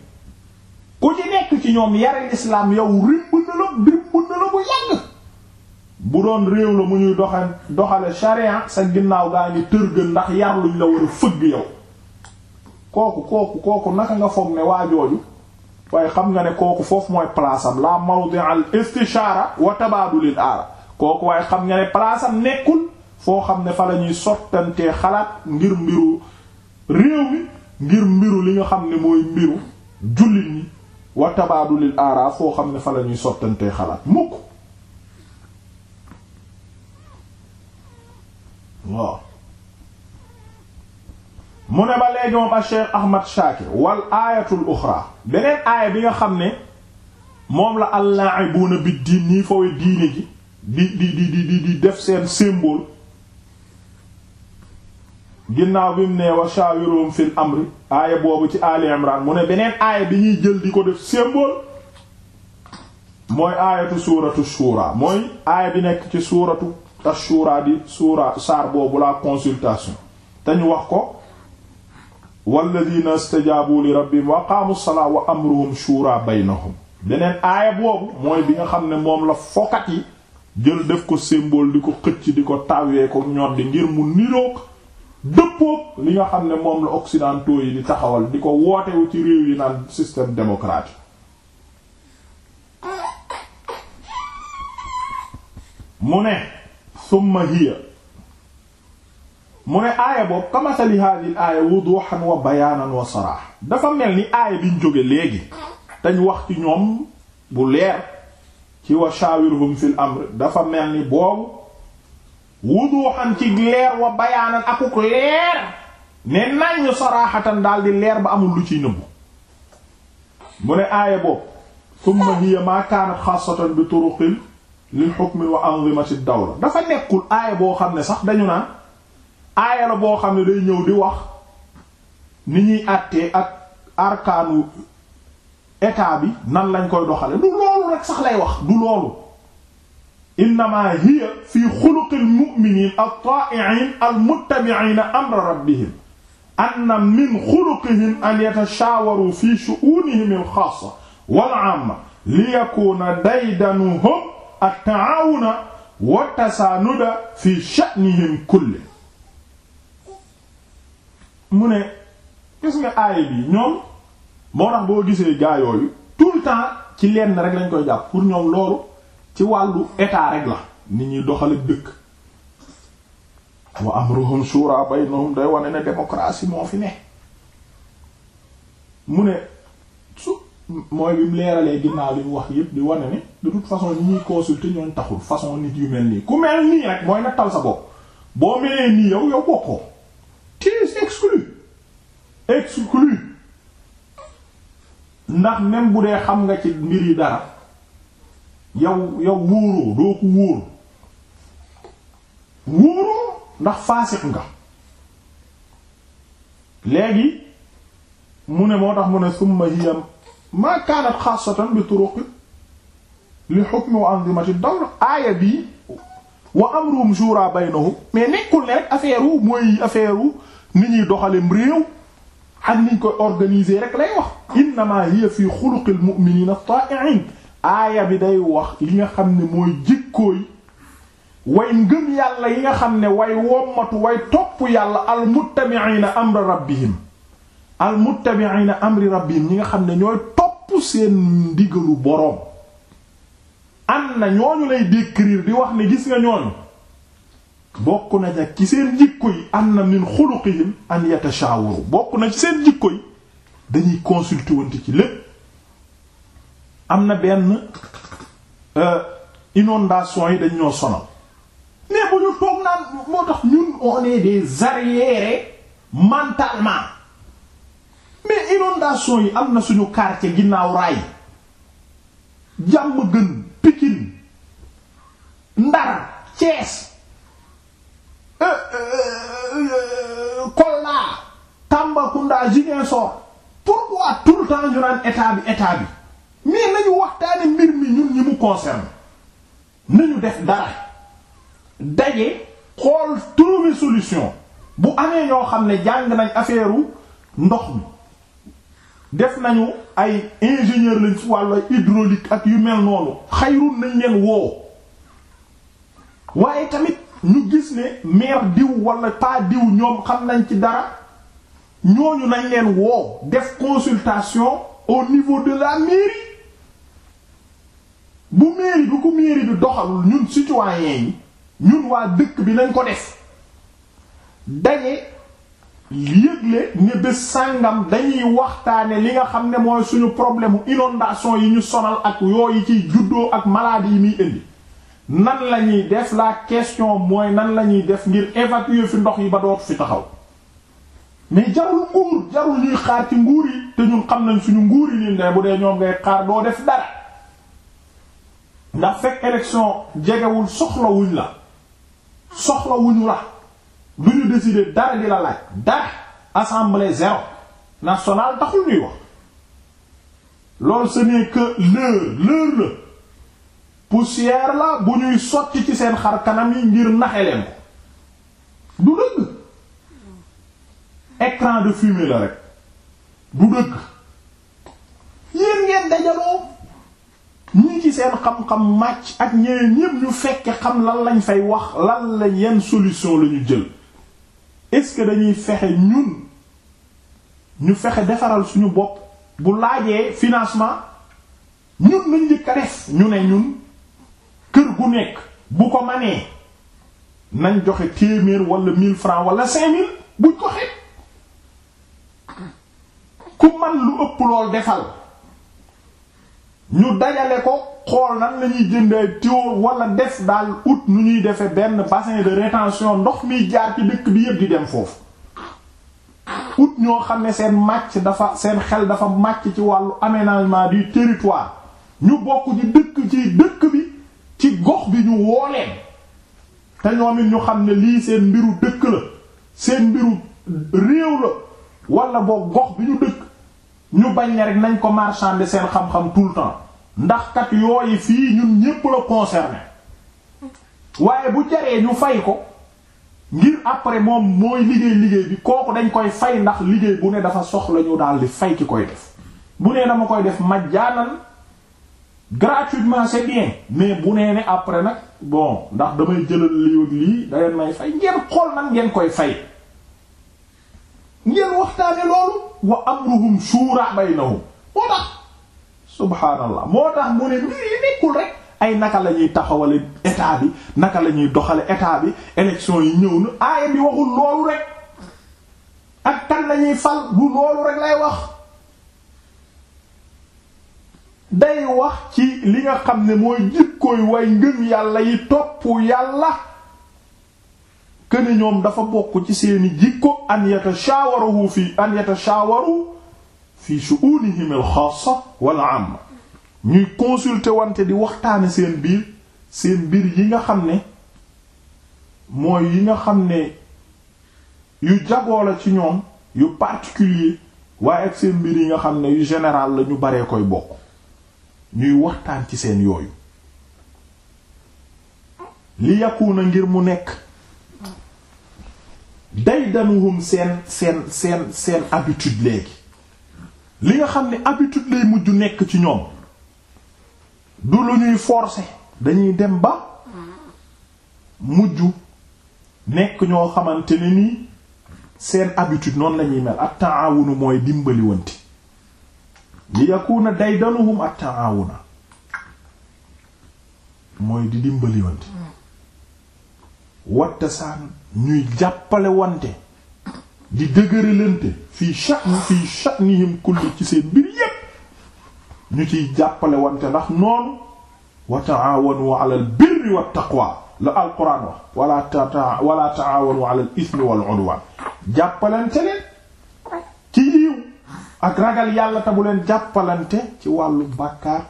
ku ci nekk ci ñoom yare islam yow ribb na la ribb na la bu yàgg bu doon réew la mu ñuy doxal doxale sharia sa ginnaaw gaa ngi tërgën ndax yar la war fëgg yow kooku kooku kooku naka nga foog ne waa jooju waaye xam nga ne kooku foofu mooy palaasam la mawdi al istishaara wa aara kooku waaye xam nga ne palaasam nekkul foo xam ne fa la ñuy sottantee xalaat ngir mbiru réew mi ngir mbiru li nga xam ne mooy mbiru jullit ñi wa aaraaf foo xam ne fa la ñuy sottantee xalaat mukk waaw mu ne ba léegi moom a Cheikh Ahmad Shakir wal aayatul uxra beneen aaya bi nga xam ne moom la allaa'ibuuna bid diin ñii fooy diine ji di di di di di def seen symbole ginnaaw bi mu ne wa shawirum fil amri aaya boobu ci Ali Imran mu ne beneen aaya bi ñuy jël di ko def symbole mooy aayatu suuratu shura mooy aaya bi nekk ci suuratu ashura di suura saar boobu la consultation te ñu wax ko walladina stajabu li rabbihim wa aqaamu salaa wa amruhum shura baynahum beneen aaya boobu mooy bi nga xam ne moom la fokat yi jël def ko symbole di ko xëcc di ko tawee ko ñor di ngir mu niroog dëppook li nga xam ne moom la occidentaux yi di taxawal di ko wootewu ci réew yi naan système démocratique mu ne summa hiya mu ne aaya boobu kamasali hadil aaya wuduhan wa bayaanan wa sarah dafa mel ni aaya biñ jóge léegi dañ wax ci ñoom bu leer ci wa shawirhum fil amr dafa mel ni boobu wuduuxan ci leer wa bayaanan akuk leer ne nañu saraaxatan daal di leer ba amul lu ciy nëbbu mu ne aaya boobu thumma hiya maa kaanat xaasatan bi turuqil lil hukmi wa anzimati dawla dafa nekkul aaya boo xam ne sax dañu naan aaya la boo xam ne day ñëw di wax ni ñuy àttee ak arkaanu état bi nan lañ koy doxale du loolu rek sax lay wax du loolu innama hiya fi xuluqil mu'miniin at-taa'i'iin al-muttabi'iina amra rabbihim anna min xuluqihim an yatashaawaruu fi shu'uunihim al-xaassa wal-'aamma liyakuuna daydanuhum at-ta'aawuna wa tasaanuda fi sha'nihim kulli mu ne gis nga aaya bi ñoom moo tax boo gisee gaa yooyu tout le temps ci lenn rek lañ koy jàpp pour ñoom loolu ci wàllu état rek la nit ñuy doxale dëkk wa amruhum shura baynahum day wane ne démocratie moo fi ne mu ne su mooy leeralee ginnaaw li wax yépp di wane ne de toute façon ñi ñuy consulter ñooñ taxul façon nit yu mel nii ku mel nii rek mooy na sa bopp boo melee nii yow yow bokkoo tiis exclu exclu ndax même bu dee xam nga ci mbir yi dara yow yow wóoroo doo ko wóor wóoroo ndax faasix léegi mu ne moo tax mu ne summa hiya ma kaanat xaasatan bi turuq li hukm wa anzimati dawla aaya bi wa amruhum shura baynahum mais nekkul ne rek affaire wu mooy affaire wu nit ñuy doxalem réew ak niñ koy organiser rek lay wax fi xuluqil mu'minina at-ta'i'in aaya bi day wax li nga xam ne mooy jikkooy way ngëm yàlla yi nga xam ne way wommatu way topp yàlla almuttabi'ina amri rabbihim almuttabi'ina amri rabbihim ñi nga xam ne ñooy topp seen ndigalu boroom am na ñooñu lay décrire di wax ne gis nga ñooñu bokk na nag ci seen jikko am na min xuluqihim an yatashaawaru bokk na ci seen jikko dañuy consulter wante ci lépp am na benn euh, inondation yi dañ ñoo sonal mais ñu toog naan moo tax ñun on est des arriérés mentalement mais inondation yi am na suñu quartier ginnaaw raay jàmm gën Pikine Ndar Thiès euh, euh, Kolda Tambacounda Ziguinchor pourquoi tout le temps ñu naan état bi état bi mais nañu waxtaane mbir mi ñun ñi mu concerne nañu def dara daje xool trouver solution bu amee ñoo xam ne jàng nañ affaire ndox mi def nañu ay ingénieur lañ wàll wàllu hydraulique ak yu mel noonu xayrun nañ leen woo waaye tamit ñu gis ne maire diw wala pas diw ñoom xam nañ ci dara ñooñu nañ leen woo def consultation au niveau de la mairie bu mairie bu ko mairie bi doxalul ñun citoyens yi ñun waa dëkk bi lañ ko def daje yëgle ne bés sàngam dañuy waxtaane li nga xam ne mooy suñu problème inondation yi ñu sonal ak yooyu ciy juddoo ak maladie yi muy indi nan lañuy ñuy def la question mooy nan la ñuy def ngir évacuer fi ndox yi ba dootu fi taxaw mais jarul nguur jarul ñuy xaar ci nguur yi te ñun xam nañ suñu nguur yi nii ne bu dee ñoom ngay xaar doo def dara ndax fekk élection jegewul soxlawuñ la soxlawuñu la lu ñu décider dara di la laaj dara assemblée zéro nationale taxul ñuy wax loolu ce n'est que l'heure la poussière la bu ñuy sotti ci seen xar kanam yi ngir naxe ko du dëgg écran de fumée la rek du dëgg yéen ngeen dajaloo ñii ci seen xam-xam màcc ak ñeneen ñépp ñu fekke xam lan lañ fay wax lan lañ yenn solution lañu jël est-ce dañuy fexe ñun ñu fexe defaral suñu bopp bu laajee financement ñun nañ njëkk def ñu ne ñun kër gu nekk bu ko manee nañ joxe téeméer wala mille francs wala cinq mille buñ ko xeeb ku man lu ëpp lool defal ñu dajale ko xool nan lañuy jëndee tuyau wala def daal ut ñu ñuy defee benn bassin de rétention ndox miy jaar ci dëkk bi yëpp di dem foofu ut ñoo xam ne seen màcc dafa seen xel dafa màcc ci wàllu aménagement du territoire ñu bokk ci dëkk ci dëkk bi ci gox bi ñu wooleen te ñoom ñu xam ne lii seen mbiru dëkk la seen mbiru réew la wala boo gox bi ñu dëkk ñu bañ ne rek nañ ko marchander seen xam-xam tout le temps ndax kat yi fii ñun ñépp la concerné waaye bu jaree ñu fay ko ngir après moom mooy liggéey liggéey bi kooku dañ koy fay ndax liggéey bu ne dafa soxla ñu daal di fay ki koy def bu nee dama koy def majjaanan gratuitement se bien mais bu nee ne après nag bon ndax damay jëlal lii ak lii da may fay ngeen xool nan ngeen koy fay. ngeen waxtaane loolu wa amruhum shura baynahum moo tax subhaanallah moo tax mu ne mbir nekkul rek ay naka la ñuy taxawale état bi naka la ñuy doxale état bi élection yi ñëw nu aaya bi waxul loolu rek ak kan lañuy fal bu loolu rek lay wax day wax ci li nga xam ne mooy jikkooy way ngëm yàlla yi topp yàlla këni ñoom dafa bokk ci seeni jikko an yatashaawaru fii an yatashaawaru fi shu'unihim al-xaassa wal ñuy consulter wante di waxtaane seen biir seen biir yi nga xam ne mooy yi nga xam ne yu jagoo ci ñoom yu particulier waaye ak seen mbir yi nga xam ne yu général lañu baree koy bokk ñuy waxtaan ci seen yooyu li yàqu na ngir mu nekk day danuhum seen seen seen seen habitude léegi li nga xam ni habitude lay mujj nekk ci ñoom du lu ñuy forcer dañuy dem ba mujj nekk ñoo xamante ne nii seen habitude noonu lañuy mel ak ta'awunu mooy dimbaliwante li yakuna day danuhum ak ta'awuna mooy di dimbaliwante watta saan ñuy jàppale wante di dëgëralante fii sha'ni fii sha'nihim kulli ci seen mbir yépp ñu ciy jàppale wante ndax noonu wa ta'awanu 'ala al-birri wat-taqwa la alquran wax wala ta wala ta'awanu 'ala al-ithmi wal-'udwan jàppalante leen ci yiw ak ragal yàlla ta leen jàppalante ci wàllu bàkkaar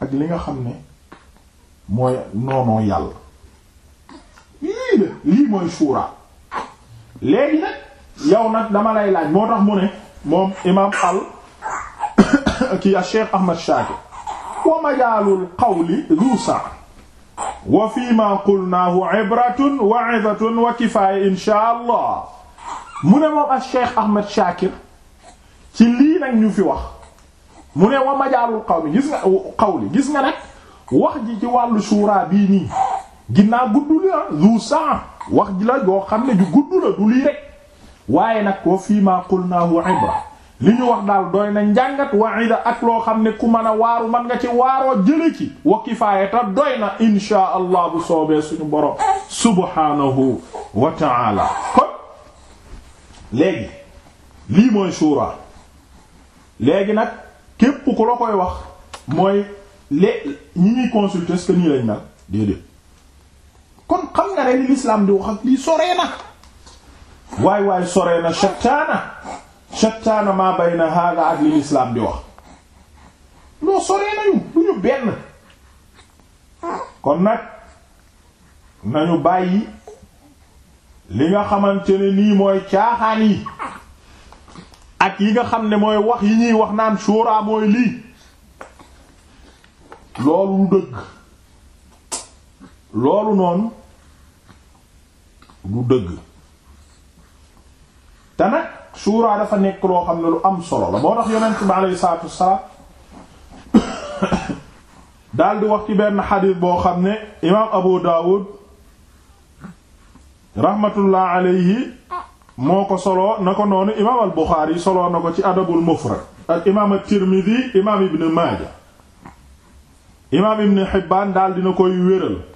ak li nga xam ne mooy noonoo yàlla lii mooy shura léegi nag yow nag dama lay laaj moo tax mu ne moom imaam al [coughs] ki Cheikh Ahmad Shakir wa majaalul qawli dhu sa'a wa fiima qulnaahu ibratun wa izatun wa mu ne moom ci lii nag ñu fi wax mu ne wa majaalul qawli gis qawli gis nga nag wax ji ci wàllu suuraa bi nii ginnaaw gudd la zu saa wax ji la yoo xam ne ju gudd la du lii rek waaye nag wa fii ma qulnaahu ibra li ñu wax daal doy na njàngat wa ida ak loo xam ne ku mën a waaru man nga ci waaroo jële ci wa kifaaya ta doy na inshaa allah bu soobee suñu borom subhaanahu wa ta'ala kon léegi lii mooy suuraa léegi nag képp ku la koy wax mooy le ñi ñuy consulter est-ce nii lañ nag déedéet kon xam nga rek l'islam di wax ak lii soree na waay waay sore na shattaana shattaana maa bayna haaga ak li l'islam di wax loo soree nañu du ñu benn kon nag nañu bàyyi li nga xamante ne nii mooy caaxaan yi ak yi nga xam ne mooy wax yi ñuy wax naan shura mooy lii loolu dëgg loolu noonu du dëgg te nag suuraa dafa nekk loo xam ne lu am solo la moo tax yonent bi alayhi salaatu wassalaam [coughs] daal di wax ci benn xadiis boo xam ne imaam Abu Dawud rahmatullah alayhi moo ko soloo na ko noonu imaam Buxaari soloo na ko ci adabul mufrad ak imaam at imaam Ibn Maaja imaam Ibn Hibbaan daal dina koy wéral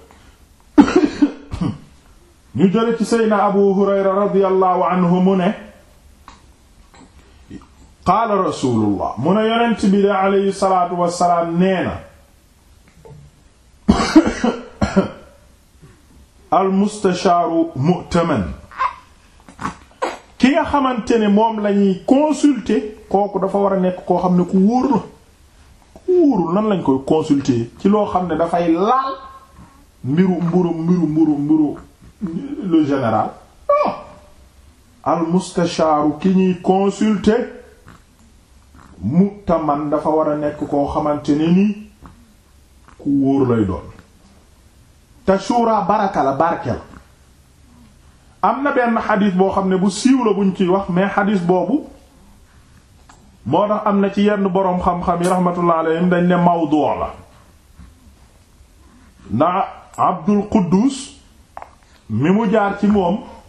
ñu jële ci seydna abu hurayra radiyallahu anhu mu ne qaala rasulullah mu ne yonent bi de aleyhi salaatu wassalaam nee na almustashaaru mu'taman ki nga xamante ne moom lañuy consulter kooku dafa war a nekk koo xam ne ku wóor la ku wóorul nan lañ koy consulter ci loo xam ne dafay laal mbiru mburu mbiru mbiru le général non oh! al mustashaaru ki ñuy mu taman dafa war a nekk koo xamante ni ku wóor lay doon te shura baraka la barke la am na benn xadis boo xam ne bu siiw la buñ ci wax mais xadis boobu moo tax am na ci yenn boroom xam-xam yi rahmatullah alayhim dañ ne mawdu la na Abdul Quddus mi mu jaar ci moom